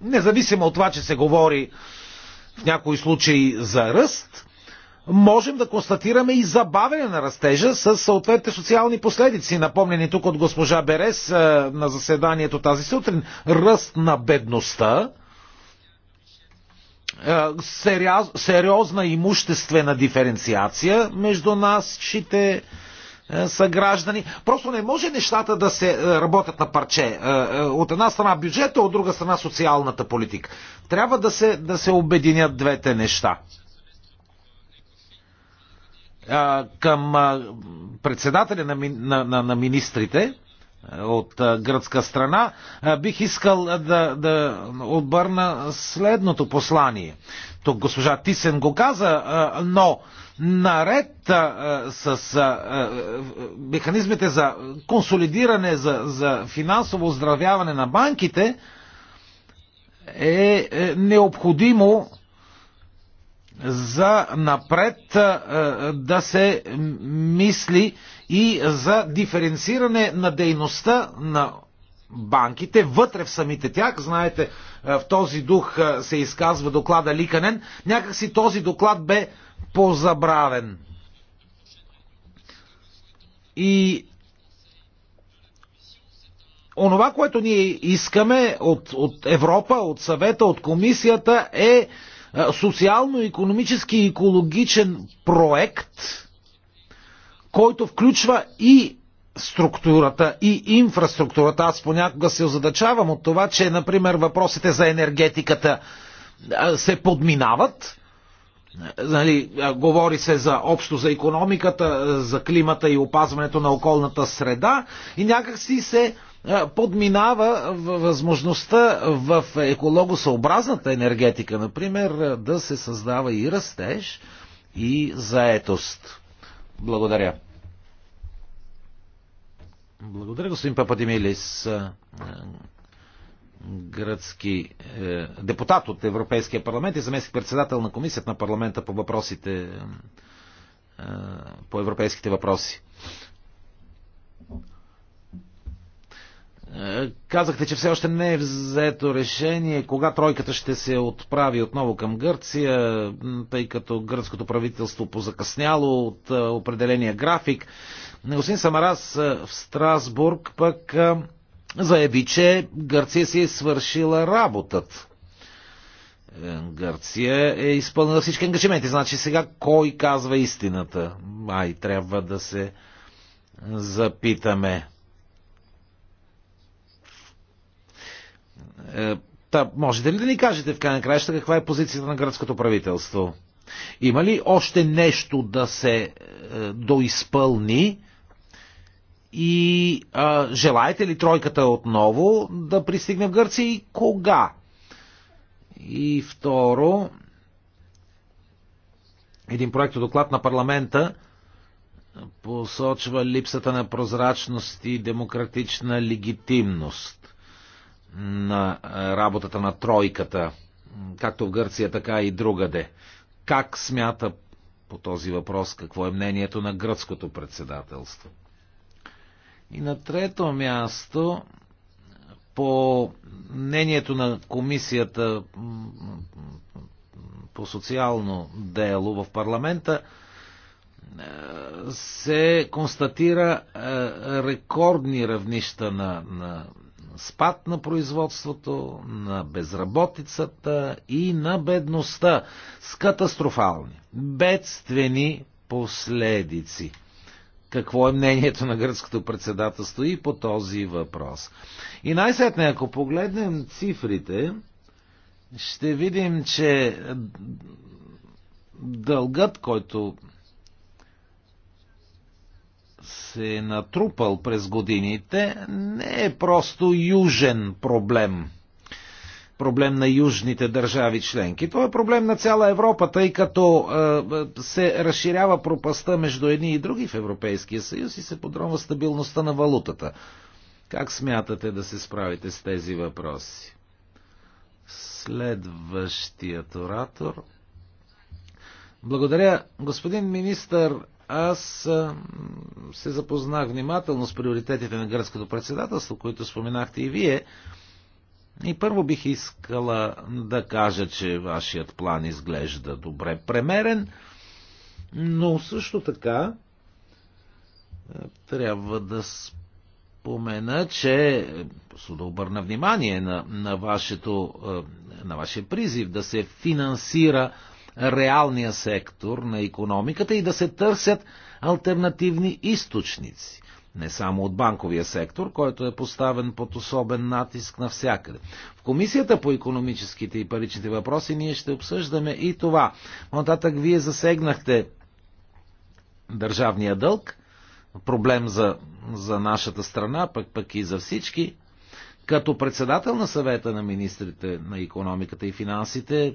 независимо от това, че се говори в някои случаи за ръст, можем да констатираме и забавяне на растежа с съответните социални последици, напомнени тук от госпожа Берес е, на заседанието тази сутрин. Ръст на бедността, е, сериозна имуществена диференциация между нашите е, са граждани. Просто не може нещата да се работят на парче. От една страна бюджета, от друга страна социалната политика. Трябва да се, да се обединят двете неща към председателя на, на, на, на министрите от гръцка страна, бих искал да, да обърна следното послание. Тук госпожа Тисен го каза, но наред с механизмите за консолидиране, за, за финансово оздравяване на банките, е, е необходимо за напред да се мисли и за диференциране на дейността на банките, вътре в самите тях. Знаете, в този дух се изказва доклада Ликанен. Някакси този доклад бе позабравен. И онова, което ние искаме от, от Европа, от съвета, от комисията е социално-економически и екологичен проект, който включва и структурата и инфраструктурата. Аз понякога се озадачавам от това, че, например, въпросите за енергетиката се подминават. Нали, говори се за общо за економиката, за климата и опазването на околната среда и някакси се подминава възможността в екологосъобразната енергетика, например, да се създава и растеж, и заетост. Благодаря. Благодаря, господин Пападимилис, гръцки е, депутат от Европейския парламент и заместник председател на Комисията на парламента по въпросите е, е, по европейските въпроси. Е, казахте, че все още не е взето решение кога тройката ще се отправи отново към Гърция, тъй като гръцкото правителство позакъсняло от е, определения график. Господин Самарас е, в Страсбург пък заяви, че Гърция си е свършила работата. Гърция е изпълнила всички ангажименти. Значи сега кой казва истината? Ай, трябва да се запитаме. Е, та, можете ли да ни кажете в крайна краища каква е позицията на гръцкото правителство? Има ли още нещо да се е, доизпълни? И е, желаете ли тройката отново да пристигне в Гърция и кога? И второ, един проект доклад на парламента посочва липсата на прозрачност и демократична легитимност на работата на тройката, както в Гърция, така и другаде. Как смята по този въпрос, какво е мнението на гръцкото председателство? И на трето място, по мнението на комисията по социално дело в парламента, се констатира рекордни равнища на, на спад на производството, на безработицата и на бедността с катастрофални, бедствени последици. Какво е мнението на гръцкото председателство и по този въпрос? И най-сетне, ако погледнем цифрите, ще видим, че дългът, който се е натрупал през годините, не е просто южен проблем. Проблем на южните държави членки. Това е проблем на цяла Европа, тъй като е, е, се разширява пропаста между едни и други в Европейския съюз и се подронва стабилността на валутата. Как смятате да се справите с тези въпроси? Следващият оратор. Благодаря. Господин министър, аз се запознах внимателно с приоритетите на гръцкото председателство, които споменахте и вие. И първо бих искала да кажа, че вашият план изглежда добре премерен, но също така трябва да спомена, че да обърна внимание на, на, вашето, на вашия призив да се финансира реалния сектор на економиката и да се търсят альтернативни източници. Не само от банковия сектор, който е поставен под особен натиск навсякъде. В Комисията по економическите и паричните въпроси ние ще обсъждаме и това. Нататък вие засегнахте държавния дълг, проблем за, за нашата страна, пък пък и за всички като председател на съвета на министрите на економиката и финансите,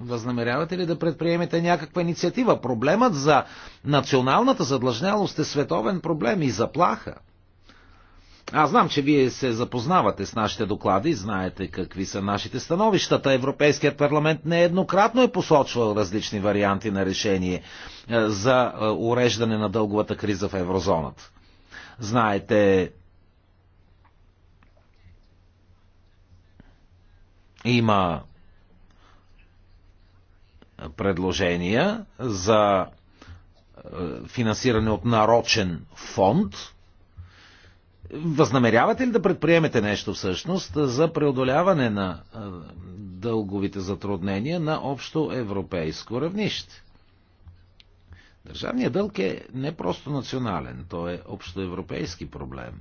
възнамерявате ли да предприемете някаква инициатива? Проблемът за националната задлъжнялост е световен проблем и заплаха. Аз знам, че вие се запознавате с нашите доклади, знаете какви са нашите становищата. Европейският парламент нееднократно е посочвал различни варианти на решение е, за е, уреждане на дълговата криза в еврозоната. Знаете, Има предложения за е, финансиране от нарочен фонд. Възнамерявате ли да предприемете нещо всъщност за преодоляване на е, дълговите затруднения на общо европейско равнище? Държавният дълг е не просто национален, той е общоевропейски проблем.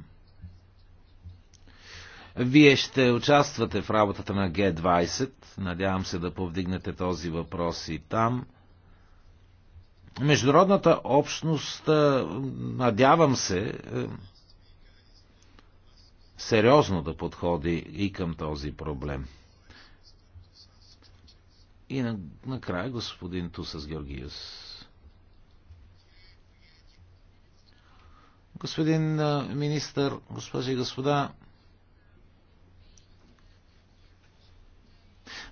Вие ще участвате в работата на Г20. Надявам се да повдигнете този въпрос и там. Международната общност, надявам се, сериозно да подходи и към този проблем. И накрая господин Тусас Георгиус. Господин министър, госпожи и господа,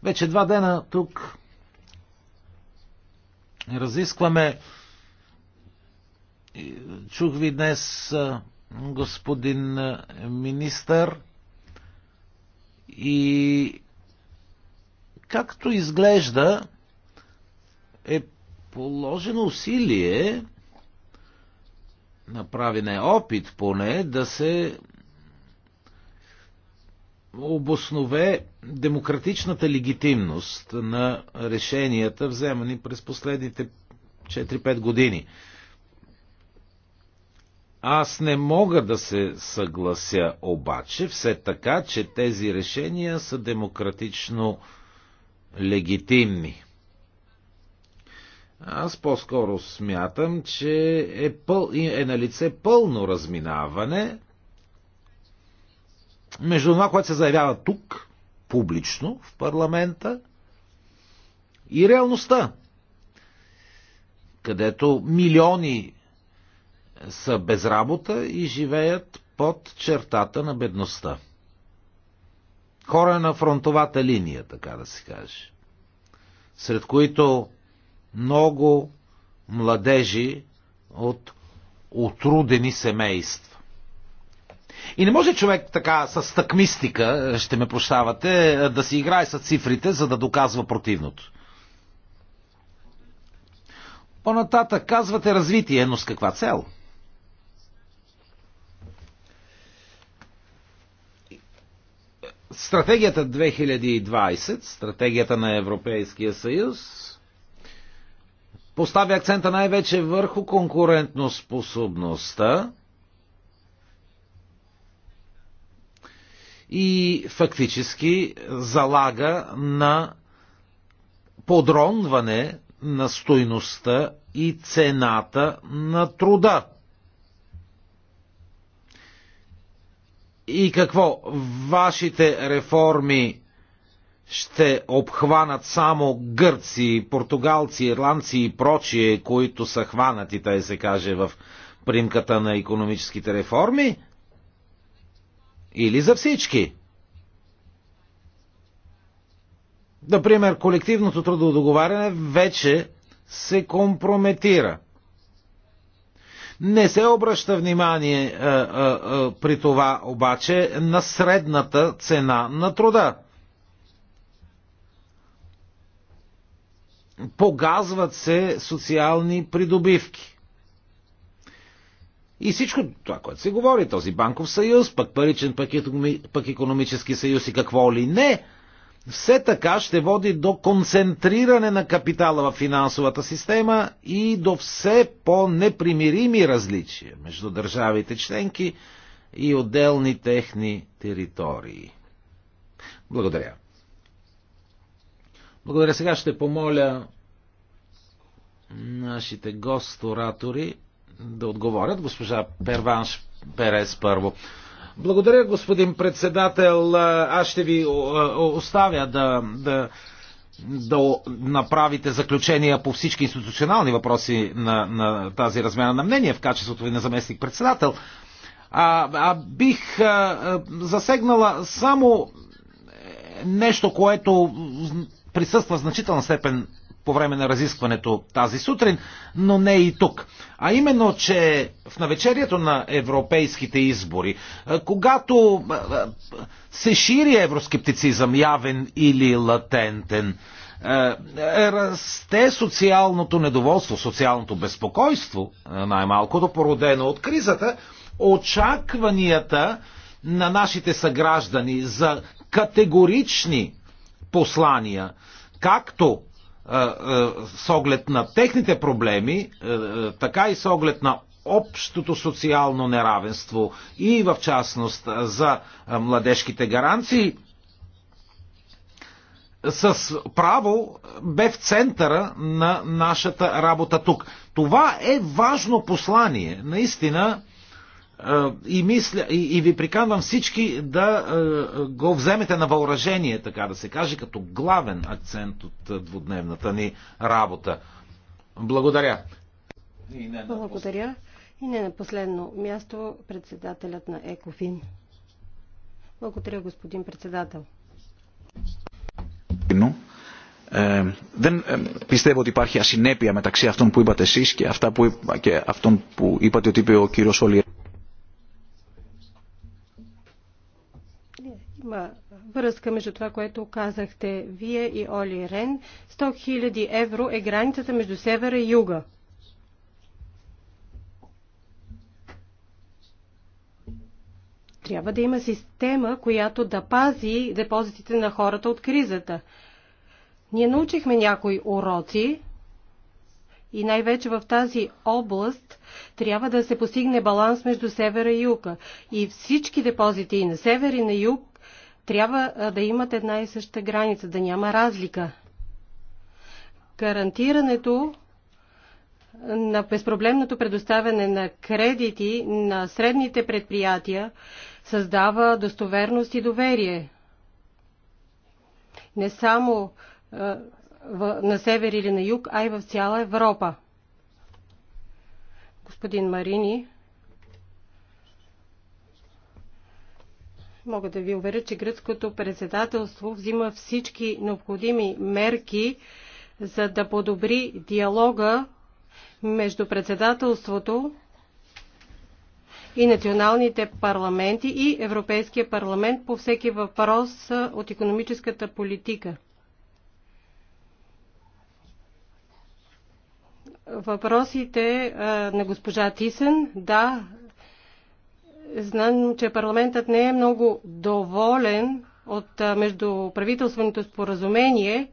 Вече два дена тук разискваме. Чух ви днес, господин министър, и както изглежда, е положено усилие, направен е опит поне да се обоснове демократичната легитимност на решенията, вземани през последните 4-5 години. Аз не мога да се съглася обаче все така, че тези решения са демократично легитимни. Аз по-скоро смятам, че е, пъл... е на лице пълно разминаване между това, което се заявява тук, публично, в парламента, и реалността, където милиони са без работа и живеят под чертата на бедността. Хора на фронтовата линия, така да се каже. Сред които много младежи от отрудени семейства. И не може човек така с такмистика, е, ще ме прощавате, е, да си играе с цифрите, за да доказва противното. По-нататък казвате развитие, но с каква цел? Стратегията 2020, стратегията на Европейския съюз, поставя акцента най-вече върху конкурентноспособността, и фактически залага на подронване на стойността и цената на труда. И какво? Вашите реформи ще обхванат само гърци, португалци, ирландци и прочие, които са хванати, тъй се каже, в примката на економическите реформи? или за всички. Например, колективното трудово договаряне вече се компрометира. Не се обръща внимание а, а, а, при това обаче на средната цена на труда. Погазват се социални придобивки. И всичко това, което се говори, този банков съюз, пък паричен, пък, пък економически съюз и какво ли не, все така ще води до концентриране на капитала в финансовата система и до все по-непримирими различия между държавите членки и отделни техни територии. Благодаря. Благодаря. Сега ще помоля нашите гост-оратори да отговорят. Госпожа Перванш Перес първо. Благодаря, господин председател. Аз ще ви оставя да, да, да направите заключения по всички институционални въпроси на, на тази размяна на мнение в качеството ви на заместник-председател. А, а бих а, а, засегнала само нещо, което присъства в значителна степен по време на разискването тази сутрин, но не и тук. А именно, че в навечерието на европейските избори, когато се шири евроскептицизъм, явен или латентен, расте социалното недоволство, социалното безпокойство, най-малкото породено от кризата, очакванията на нашите съграждани за категорични послания, както с оглед на техните проблеми, така и с оглед на общото социално неравенство и в частност за младежките гаранции, с право бе в центъра на нашата работа тук. Това е важно послание, наистина и, мисля, и, и ви приканвам всички да го вземете на въоръжение, така да се каже, като главен акцент от двудневната ни работа. Благодаря. И не на Благодаря. И не на последно място председателят на ЕКОФИН. Благодаря, господин председател. Ε, δεν ε, πιστεύω ότι υπάρχει ασυνέπεια μεταξύ αυτών που είπατε εσείς και, αυτά που, και αυτών που είπατε ότι είπε ο κύριος Όλη има връзка между това, което казахте вие и Оли Рен. 100 000 евро е границата между севера и юга. Трябва да има система, която да пази депозитите на хората от кризата. Ние научихме някои уроци и най-вече в тази област трябва да се постигне баланс между севера и юга. И всички депозити и на север и на юг трябва да имат една и съща граница, да няма разлика. Гарантирането на безпроблемното предоставяне на кредити на средните предприятия създава достоверност и доверие. Не само на север или на юг, а и в цяла Европа. Господин Марини Мога да ви уверя, че гръцкото председателство взима всички необходими мерки, за да подобри диалога между председателството и националните парламенти и Европейския парламент по всеки въпрос от економическата политика. Въпросите на госпожа Тисен, да, Знам, че парламентът не е много доволен от междуправителственото споразумение,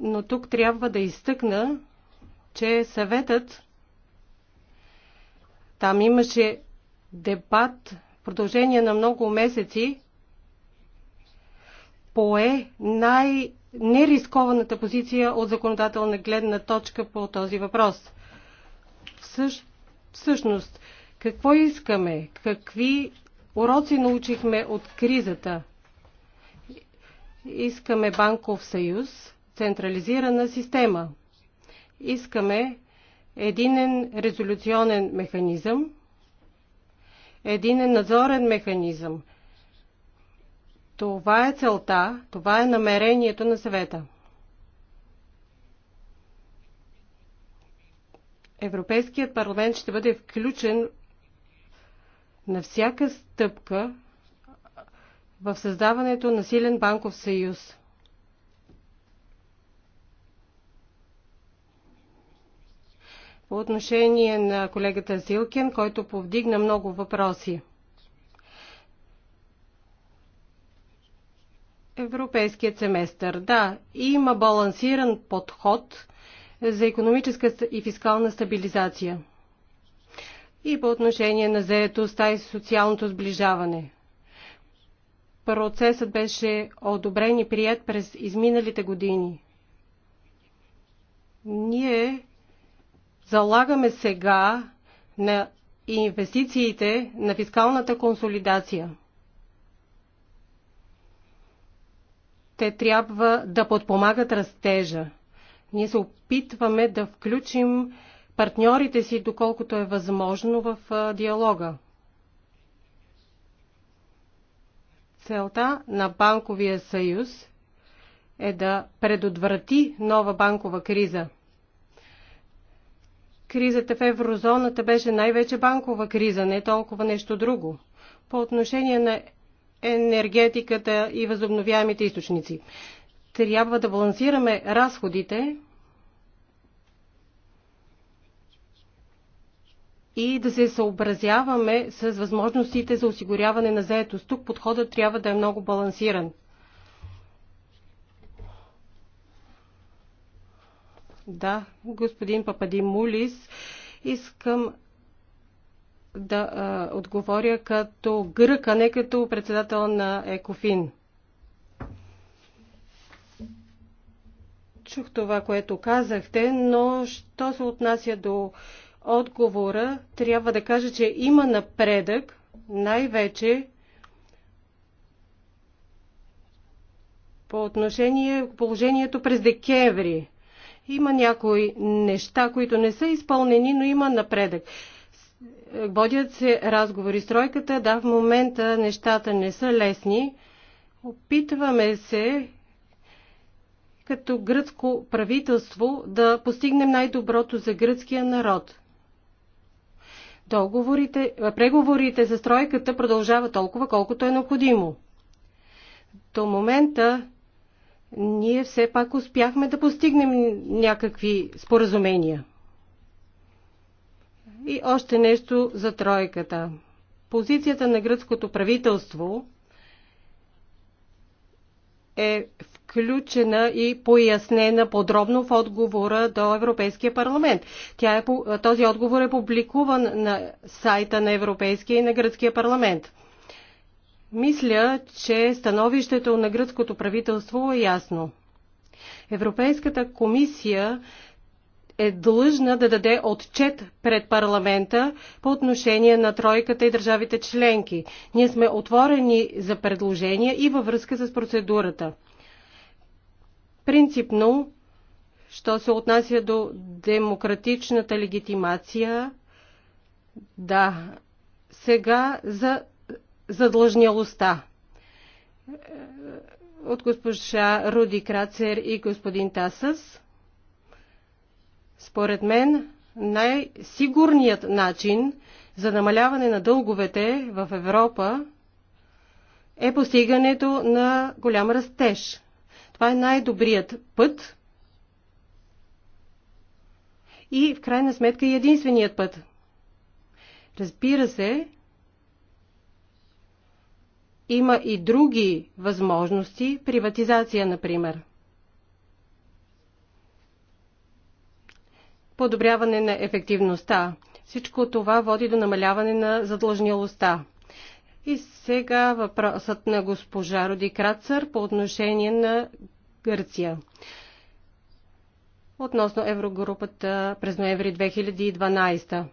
но тук трябва да изтъкна, че съветът там имаше дебат в продължение на много месеци пое най-нерискованата позиция от законодателна гледна точка по този въпрос. Всъщ, всъщност, какво искаме? Какви уроци научихме от кризата? Искаме банков съюз, централизирана система. Искаме единен резолюционен механизъм, единен надзорен механизъм. Това е целта, това е намерението на съвета. Европейският парламент ще бъде включен на всяка стъпка в създаването на силен банков съюз. По отношение на колегата Силкин, който повдигна много въпроси. Европейският семестър. Да, има балансиран подход за економическа и фискална стабилизация и по отношение на заедостта и социалното сближаване. Процесът беше одобрен и прият през изминалите години. Ние залагаме сега на инвестициите на фискалната консолидация. Те трябва да подпомагат растежа. Ние се опитваме да включим партньорите си, доколкото е възможно в диалога. Целта на банковия съюз е да предотврати нова банкова криза. Кризата в еврозоната беше най-вече банкова криза, не толкова нещо друго. По отношение на енергетиката и възобновяемите източници. Трябва да балансираме разходите и да се съобразяваме с възможностите за осигуряване на заетост. Тук подходът трябва да е много балансиран. Да, господин Мулис, искам да а, отговоря като грък, а не като председател на Екофин. Чух това, което казахте, но що се отнася до отговора трябва да кажа, че има напредък, най-вече по отношение положението през декември. Има някои неща, които не са изпълнени, но има напредък. Водят се разговори с тройката. Да, в момента нещата не са лесни. Опитваме се като гръцко правителство да постигнем най-доброто за гръцкия народ. Договорите, преговорите за стройката продължава толкова, колкото е необходимо. До момента ние все пак успяхме да постигнем някакви споразумения. И още нещо за тройката. Позицията на гръцкото правителство е включена и пояснена подробно в отговора до Европейския парламент. Тя е, този отговор е публикуван на сайта на Европейския и на Гръцкия парламент. Мисля, че становището на гръцкото правителство е ясно. Европейската комисия е длъжна да даде отчет пред парламента по отношение на тройката и държавите членки. Ние сме отворени за предложения и във връзка с процедурата. Принципно, що се отнася до демократичната легитимация, да, сега за задлъжнялостта от госпожа Руди Крацер и господин Тасъс. Според мен най-сигурният начин за намаляване на дълговете в Европа е постигането на голям растеж – това е най-добрият път и в крайна сметка и единственият път. Разбира се, има и други възможности, приватизация, например. Подобряване на ефективността. Всичко това води до намаляване на задлъжнялостта. И сега въпросът на госпожа Роди Крацър по отношение на Гърция. Относно еврогрупата през ноември 2012.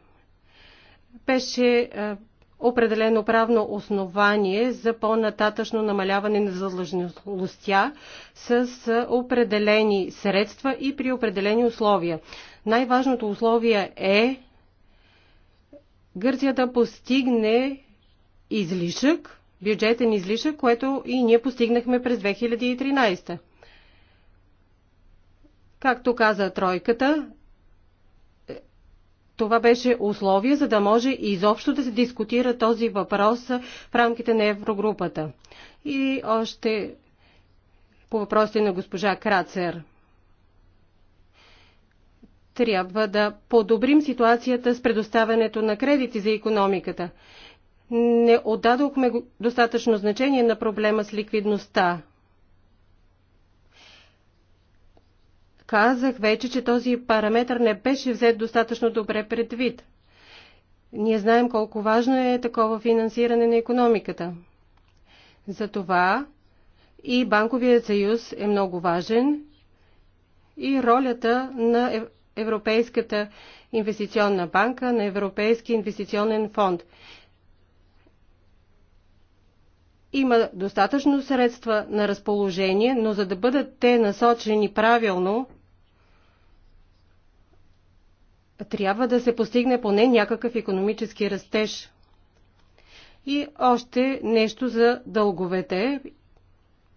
Беше е, определено правно основание за по-нататъчно намаляване на задлъжността с е, определени средства и при определени условия. Най-важното условие е Гърция да постигне излишък, бюджетен излишък, което и ние постигнахме през 2013. Както каза тройката, е, това беше условие, за да може изобщо да се дискутира този въпрос в рамките на Еврогрупата. И още по въпросите на госпожа Крацер. Трябва да подобрим ситуацията с предоставянето на кредити за економиката не отдадохме достатъчно значение на проблема с ликвидността. Казах вече, че този параметр не беше взет достатъчно добре предвид. Ние знаем колко важно е такова финансиране на економиката. Затова и Банковият съюз е много важен и ролята на Европейската инвестиционна банка, на Европейски инвестиционен фонд. Има достатъчно средства на разположение, но за да бъдат те насочени правилно, трябва да се постигне поне някакъв економически растеж. И още нещо за дълговете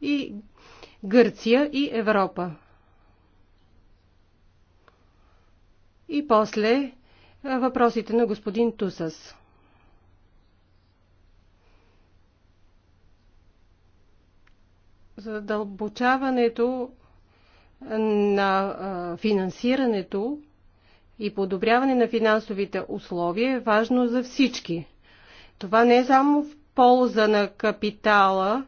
и Гърция и Европа. И после въпросите на господин Тусас. задълбочаването на финансирането и подобряване на финансовите условия е важно за всички. Това не е само в полза на капитала,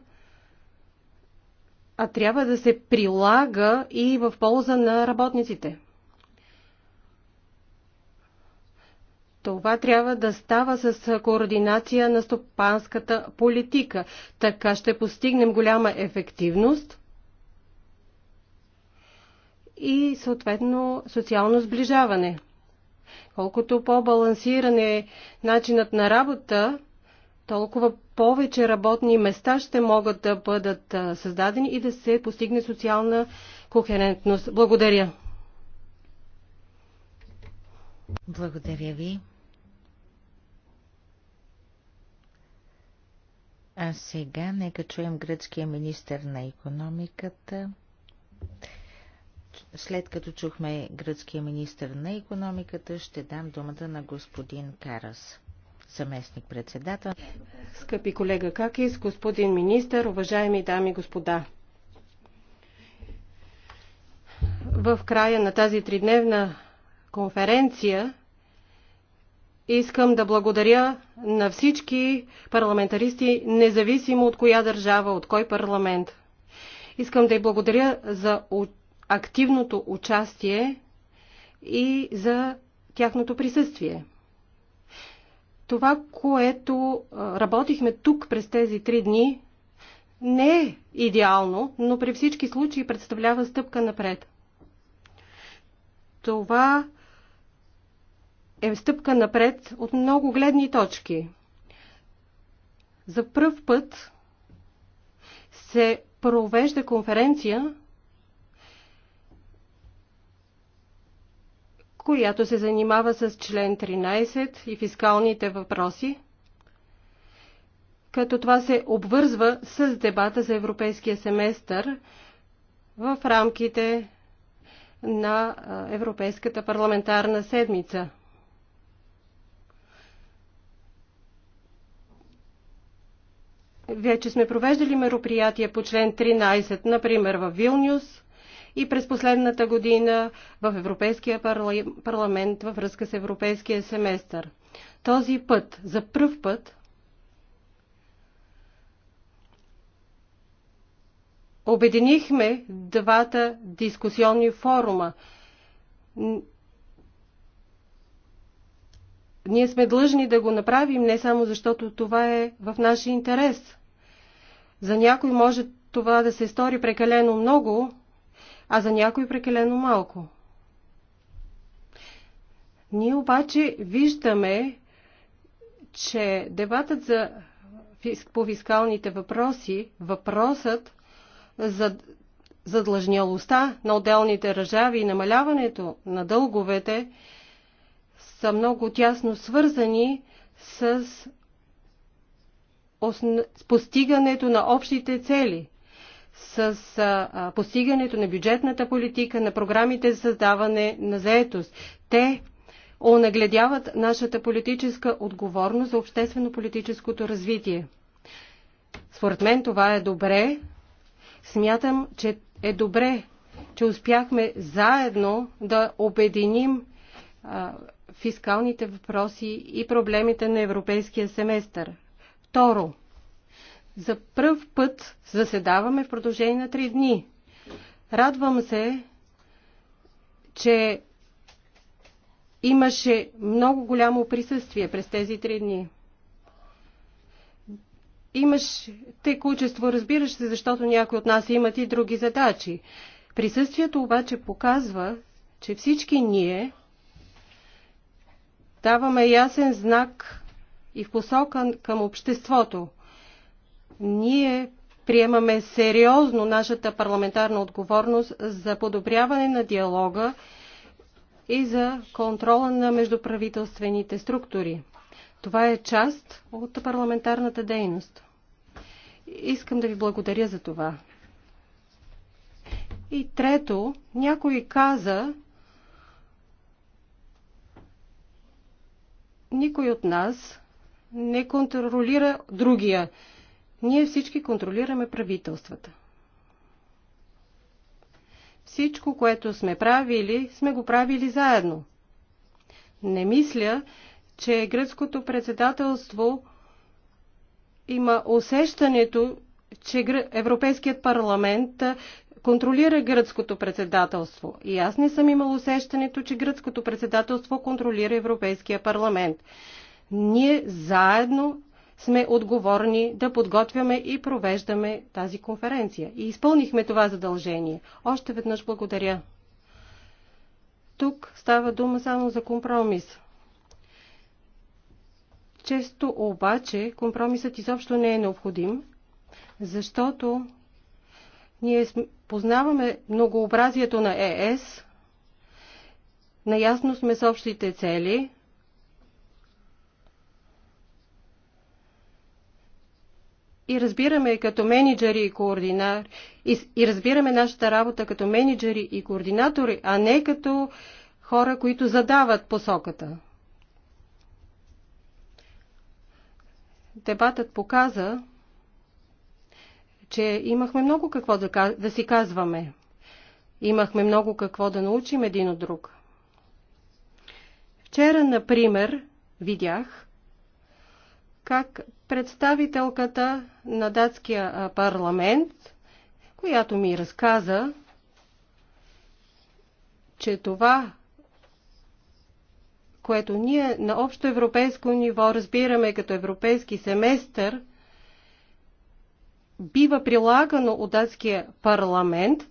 а трябва да се прилага и в полза на работниците. Това трябва да става с координация на стопанската политика. Така ще постигнем голяма ефективност и съответно социално сближаване. Колкото по-балансиран е начинът на работа, толкова повече работни места ще могат да бъдат създадени и да се постигне социална кохерентност. Благодаря. Благодаря ви. А сега нека чуем гръцкия министр на економиката. След като чухме гръцкия министр на економиката, ще дам думата на господин Карас съместник председател. Скъпи колега Какис, господин министър, уважаеми дами и господа. В края на тази тридневна конференция Искам да благодаря на всички парламентаристи, независимо от коя държава, от кой парламент. Искам да й благодаря за активното участие и за тяхното присъствие. Това, което работихме тук през тези три дни, не е идеално, но при всички случаи представлява стъпка напред. Това е стъпка напред от много гледни точки. За пръв път се провежда конференция, която се занимава с член 13 и фискалните въпроси, като това се обвързва с дебата за европейския семестър в рамките на Европейската парламентарна седмица – Вече сме провеждали мероприятия по член 13, например в Вилнюс и през последната година в Европейския парламент във връзка с Европейския семестър. Този път, за пръв път, обединихме двата дискусионни форума ние сме длъжни да го направим не само защото това е в нашия интерес. За някой може това да се стори прекалено много, а за някой прекалено малко. Ние обаче виждаме, че дебатът за, по фискалните въпроси, въпросът за задлъжнялостта на отделните държави и намаляването на дълговете са много тясно свързани с, с постигането на общите цели, с постигането на бюджетната политика, на програмите за създаване на заетост. Те онагледяват нашата политическа отговорност за обществено-политическото развитие. Според мен това е добре. Смятам, че е добре, че успяхме заедно да обединим фискалните въпроси и проблемите на европейския семестър. Второ, за първ път заседаваме в продължение на три дни. Радвам се, че имаше много голямо присъствие през тези три дни. Имаш текучество, разбираш се, защото някои от нас имат и други задачи. Присъствието обаче показва, че всички ние даваме ясен знак и в посока към обществото. Ние приемаме сериозно нашата парламентарна отговорност за подобряване на диалога и за контрола на междуправителствените структури. Това е част от парламентарната дейност. Искам да ви благодаря за това. И трето, някой каза, Никой от нас не контролира другия. Ние всички контролираме правителствата. Всичко, което сме правили, сме го правили заедно. Не мисля, че гръцкото председателство има усещането, че Европейският парламент контролира гръцкото председателство. И аз не съм имал усещането, че гръцкото председателство контролира Европейския парламент. Ние заедно сме отговорни да подготвяме и провеждаме тази конференция. И изпълнихме това задължение. Още веднъж благодаря. Тук става дума само за компромис. Често обаче компромисът изобщо не е необходим, защото ние познаваме многообразието на ЕС, наясно сме с общите цели, и разбираме като менеджери и координатори, и, и разбираме нашата работа като менеджери и координатори, а не като хора, които задават посоката. Дебатът показа, че имахме много какво да, да си казваме. Имахме много какво да научим един от друг. Вчера, например, видях как представителката на датския парламент, която ми разказа, че това, което ние на общо европейско ниво разбираме като европейски семестър – бива прилагано от датския парламент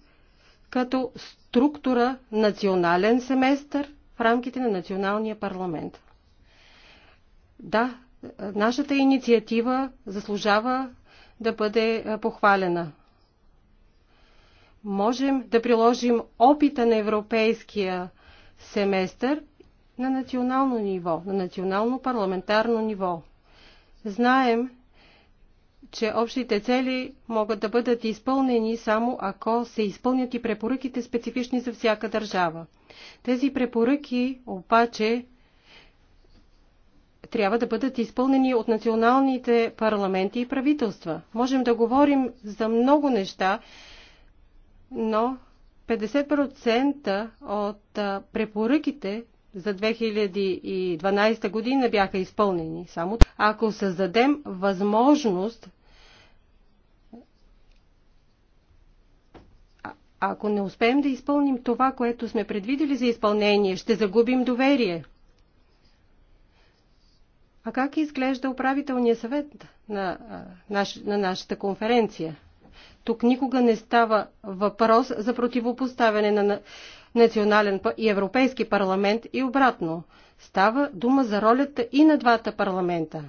като структура национален семестър в рамките на националния парламент. Да, нашата инициатива заслужава да бъде похвалена. Можем да приложим опита на европейския семестър на национално ниво, на национално парламентарно ниво. Знаем, че общите цели могат да бъдат изпълнени само ако се изпълнят и препоръките специфични за всяка държава. Тези препоръки обаче трябва да бъдат изпълнени от националните парламенти и правителства. Можем да говорим за много неща, но 50% от препоръките за 2012 година бяха изпълнени. Само ако създадем възможност Ако не успеем да изпълним това, което сме предвидели за изпълнение, ще загубим доверие. А как изглежда управителният съвет на, наш, на нашата конференция? Тук никога не става въпрос за противопоставяне на национален и европейски парламент и обратно. Става дума за ролята и на двата парламента.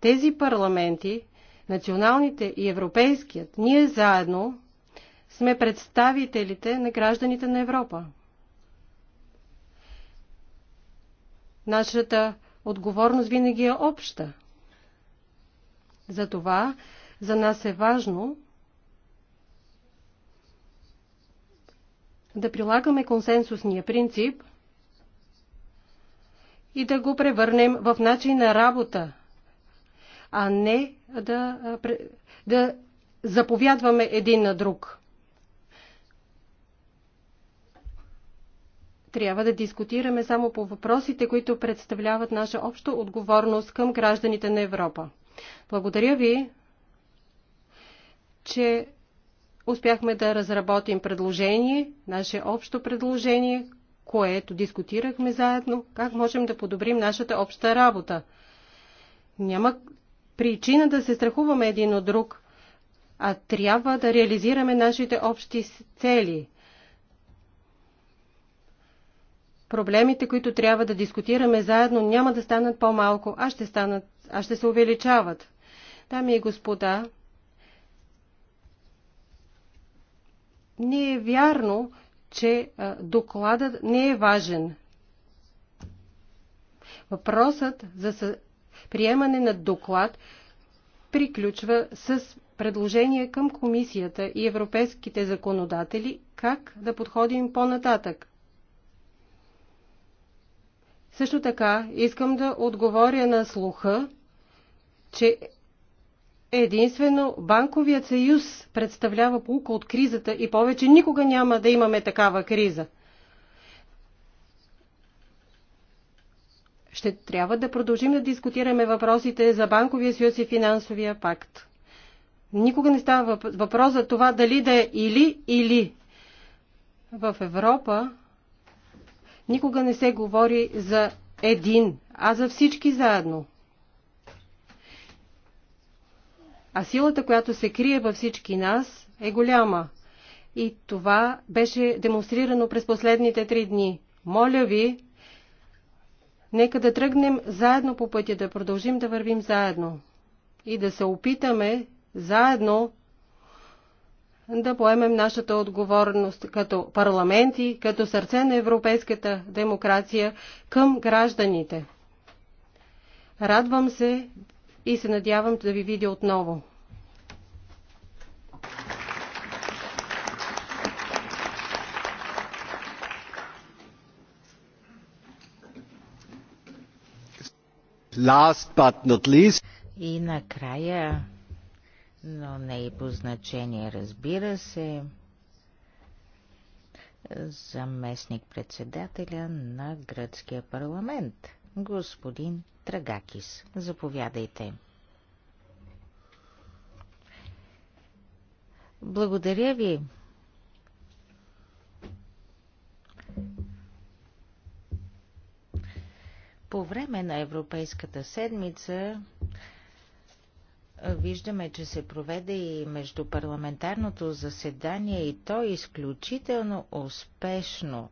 Тези парламенти, националните и европейският, ние заедно сме представителите на гражданите на Европа. Нашата отговорност винаги е обща. Затова за нас е важно да прилагаме консенсусния принцип и да го превърнем в начин на работа, а не да, да заповядваме един на друг. Трябва да дискутираме само по въпросите, които представляват наша обща отговорност към гражданите на Европа. Благодаря ви, че успяхме да разработим предложение, наше общо предложение, което дискутирахме заедно, как можем да подобрим нашата обща работа. Няма причина да се страхуваме един от друг, а трябва да реализираме нашите общи цели – проблемите, които трябва да дискутираме заедно, няма да станат по-малко, а ще, станат, а ще се увеличават. Дами и господа, не е вярно, че докладът не е важен. Въпросът за приемане на доклад приключва с предложение към комисията и европейските законодатели как да подходим по-нататък. Също така искам да отговоря на слуха, че единствено банковият съюз представлява полука от кризата и повече никога няма да имаме такава криза. Ще трябва да продължим да дискутираме въпросите за банковия съюз и финансовия пакт. Никога не става въпрос за това дали да е или или. В Европа Никога не се говори за един, а за всички заедно. А силата, която се крие във всички нас, е голяма. И това беше демонстрирано през последните три дни. Моля ви, нека да тръгнем заедно по пътя, да продължим да вървим заедно и да се опитаме заедно да поемем нашата отговорност като парламенти, като сърце на европейската демокрация към гражданите. Радвам се и се надявам да ви видя отново. Last but not least. И накрая но не и по значение, разбира се. Заместник-председателя на гръцкия парламент, господин Трагакис. Заповядайте. Благодаря ви. По време на Европейската седмица Виждаме, че се проведе и междупарламентарното заседание и то е изключително успешно.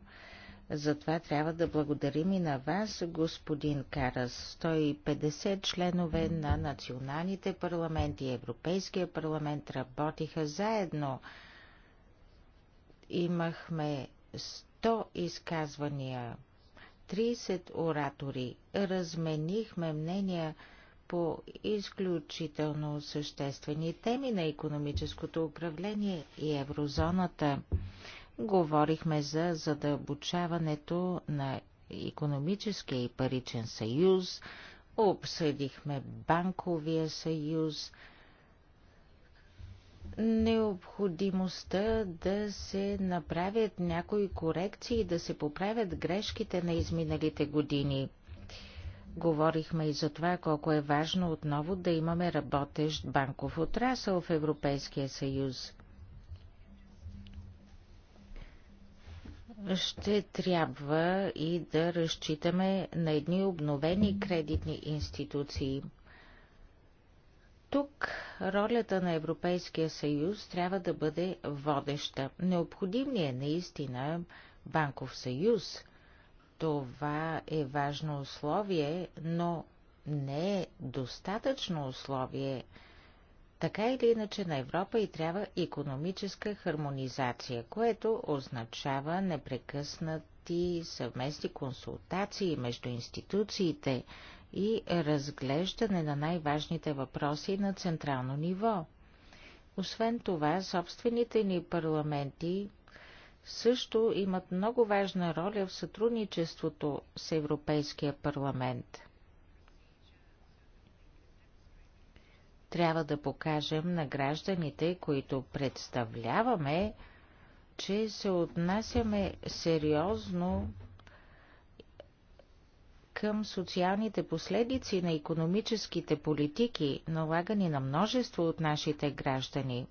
Затова трябва да благодарим и на вас, господин Карас. 150 членове на националните парламенти и Европейския парламент работиха заедно. Имахме 100 изказвания, 30 оратори. Разменихме мнения по изключително съществени теми на економическото управление и еврозоната. Говорихме за задълбочаването на економическия и паричен съюз, обсъдихме банковия съюз, необходимостта да се направят някои корекции, да се поправят грешките на изминалите години – Говорихме и за това колко е важно отново да имаме работещ банков отрасъл в Европейския съюз. Ще трябва и да разчитаме на едни обновени кредитни институции. Тук ролята на Европейския съюз трябва да бъде водеща. Необходим ли е наистина банков съюз – това е важно условие, но не е достатъчно условие. Така или иначе на Европа и трябва економическа хармонизация, което означава непрекъснати съвместни консултации между институциите и разглеждане на най-важните въпроси на централно ниво. Освен това, собствените ни парламенти също имат много важна роля в сътрудничеството с Европейския парламент. Трябва да покажем на гражданите, които представляваме, че се отнасяме сериозно към социалните последици на економическите политики, налагани на множество от нашите граждани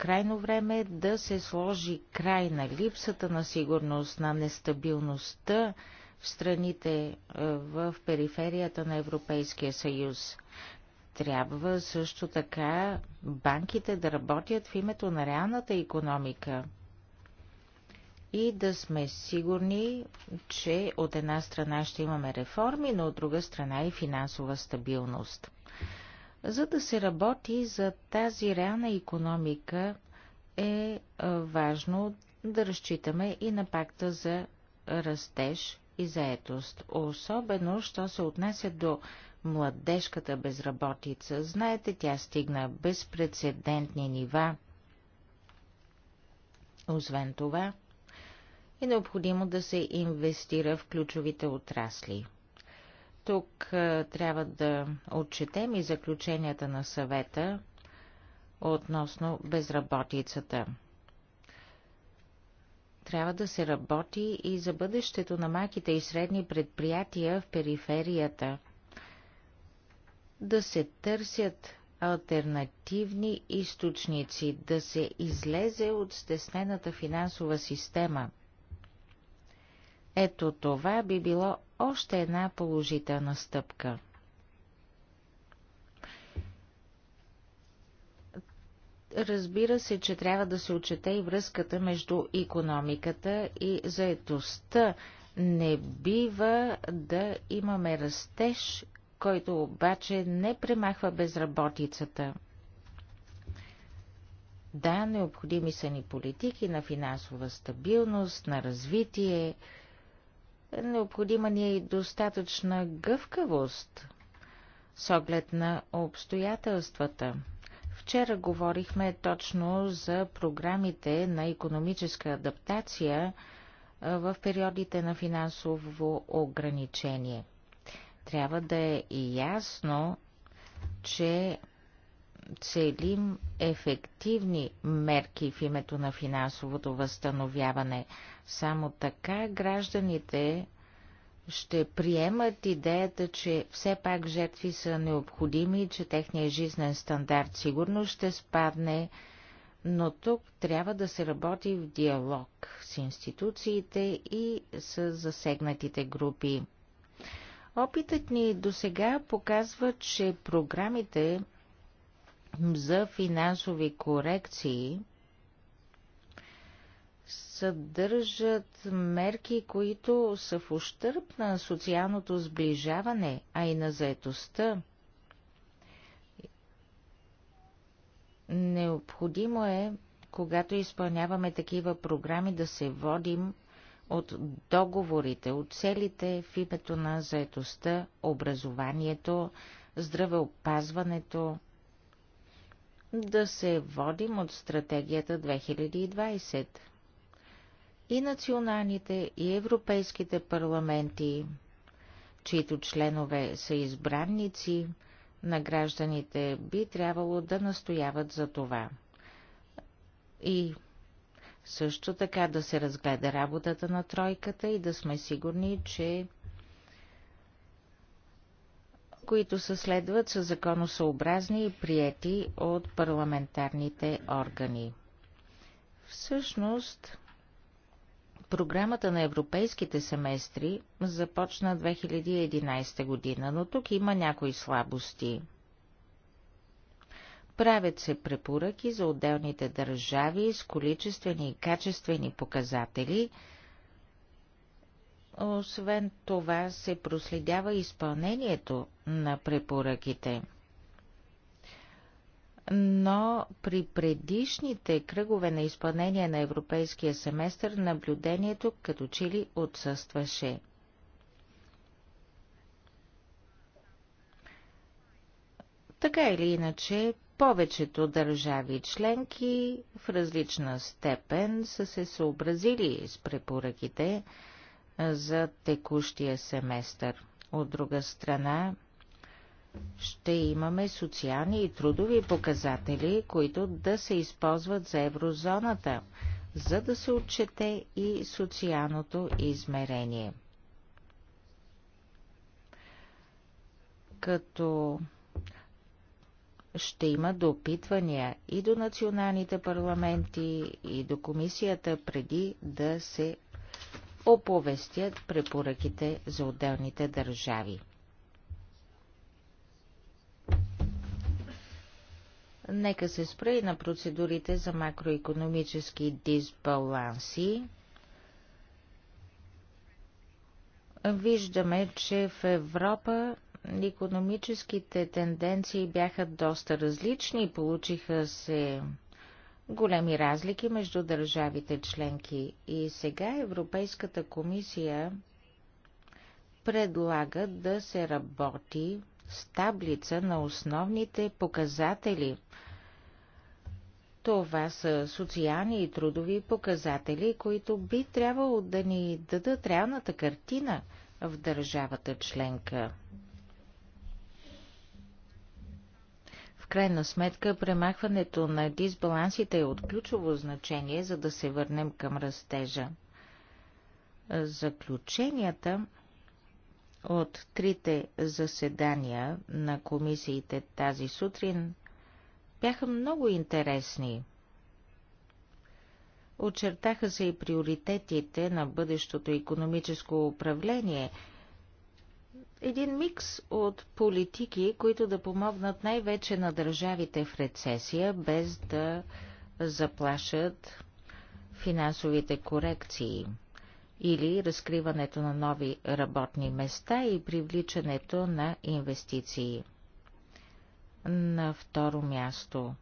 крайно време е да се сложи край на липсата на сигурност, на нестабилността в страните е, в периферията на Европейския съюз. Трябва също така банките да работят в името на реалната економика и да сме сигурни, че от една страна ще имаме реформи, но от друга страна и финансова стабилност. За да се работи за тази реална економика е, е важно да разчитаме и на пакта за растеж и заетост, особено, що се отнася до младежката безработица. Знаете, тя стигна безпредседентни нива. Освен това, е необходимо да се инвестира в ключовите отрасли – тук е, трябва да отчетем и заключенията на съвета относно безработицата. Трябва да се работи и за бъдещето на малките и средни предприятия в периферията. Да се търсят альтернативни източници, да се излезе от стеснената финансова система. Ето това би било още една положителна стъпка. Разбира се, че трябва да се отчете и връзката между економиката и заетостта. Не бива да имаме растеж, който обаче не премахва безработицата. Да, необходими са ни политики на финансова стабилност, на развитие, Необходима ни е и достатъчна гъвкавост с оглед на обстоятелствата. Вчера говорихме точно за програмите на економическа адаптация в периодите на финансово ограничение. Трябва да е ясно, че целим ефективни мерки в името на финансовото възстановяване, само така гражданите ще приемат идеята, че все пак жертви са необходими че техният жизнен стандарт сигурно ще спадне, но тук трябва да се работи в диалог с институциите и с засегнатите групи. Опитът ни до сега показва, че програмите за финансови корекции съдържат мерки, които са в ущърп на социалното сближаване, а и на заетостта. Необходимо е, когато изпълняваме такива програми, да се водим от договорите, от целите в името на заетостта, образованието, здравеопазването, да се водим от стратегията 2020 и националните и европейските парламенти, чието членове са избранници на гражданите, би трябвало да настояват за това. И също така да се разгледа работата на тройката и да сме сигурни, че които се следват са законосъобразни и прияти от парламентарните органи. Всъщност, Програмата на европейските семестри започна 2011 година, но тук има някои слабости. Правят се препоръки за отделните държави с количествени и качествени показатели. Освен това се проследява изпълнението на препоръките – но при предишните кръгове на изпълнение на европейския семестър наблюдението като че ли отсъстваше. Така или иначе, повечето държави членки в различна степен са се съобразили с препоръките за текущия семестър. От друга страна, ще имаме социални и трудови показатели, които да се използват за еврозоната, за да се отчете и социалното измерение. Като ще има допитвания и до националните парламенти, и до комисията, преди да се оповестят препоръките за отделните държави. Нека се спре и на процедурите за макроекономически дисбаланси. Виждаме, че в Европа економическите тенденции бяха доста различни. Получиха се големи разлики между държавите членки. И сега Европейската комисия предлага да се работи с таблица на основните показатели. Това са социални и трудови показатели, които би трябвало да ни дадат реалната картина в държавата членка. В крайна сметка, премахването на дисбалансите е от ключово значение, за да се върнем към растежа. Заключенията от трите заседания на комисиите тази сутрин бяха много интересни. Очертаха се и приоритетите на бъдещото економическо управление. Един микс от политики, които да помогнат най-вече на държавите в рецесия, без да заплашат финансовите корекции или разкриването на нови работни места и привличането на инвестиции. На второ място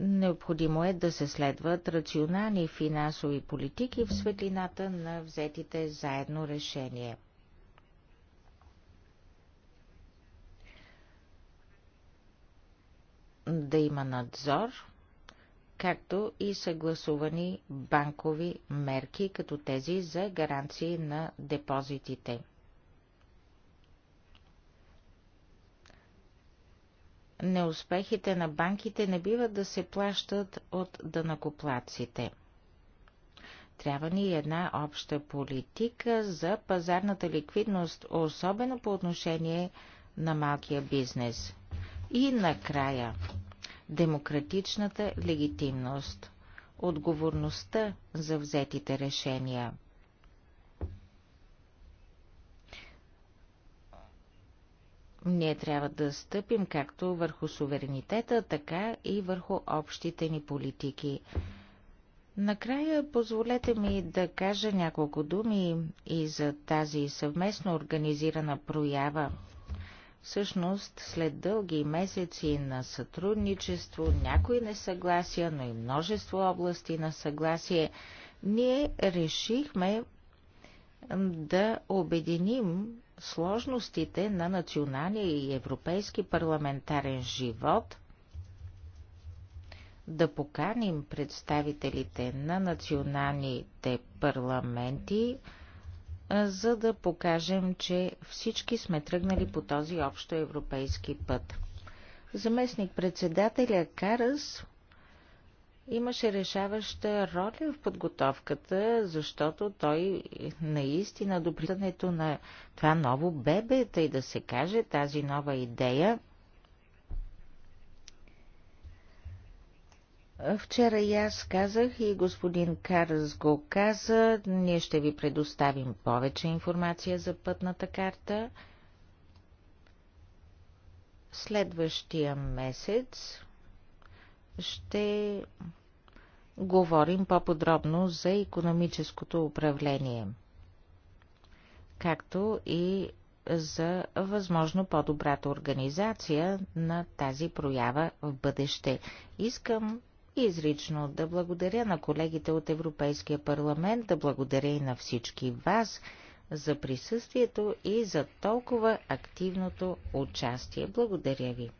Необходимо е да се следват рационални финансови политики в светлината на взетите заедно решение. Да има надзор както и съгласувани банкови мерки, като тези за гаранции на депозитите. Неуспехите на банките не биват да се плащат от дънакоплаците. Трябва ни една обща политика за пазарната ликвидност, особено по отношение на малкия бизнес. И накрая демократичната легитимност, отговорността за взетите решения. Ние трябва да стъпим както върху суверенитета, така и върху общите ни политики. Накрая позволете ми да кажа няколко думи и за тази съвместно организирана проява Всъщност, след дълги месеци на сътрудничество, някои несъгласия, но и множество области на съгласие, ние решихме да обединим сложностите на националния и европейски парламентарен живот, да поканим представителите на националните парламенти, за да покажем, че всички сме тръгнали по този общо европейски път. Заместник председателя Карас имаше решаваща роля в подготовката, защото той наистина допритането на това ново бебе, тъй да се каже, тази нова идея, Вчера и аз казах и господин Карс го каза, ние ще ви предоставим повече информация за пътната карта. Следващия месец ще говорим по-подробно за економическото управление, както и за възможно по-добрата организация на тази проява в бъдеще. Искам изрично да благодаря на колегите от Европейския парламент, да благодаря и на всички вас за присъствието и за толкова активното участие. Благодаря ви.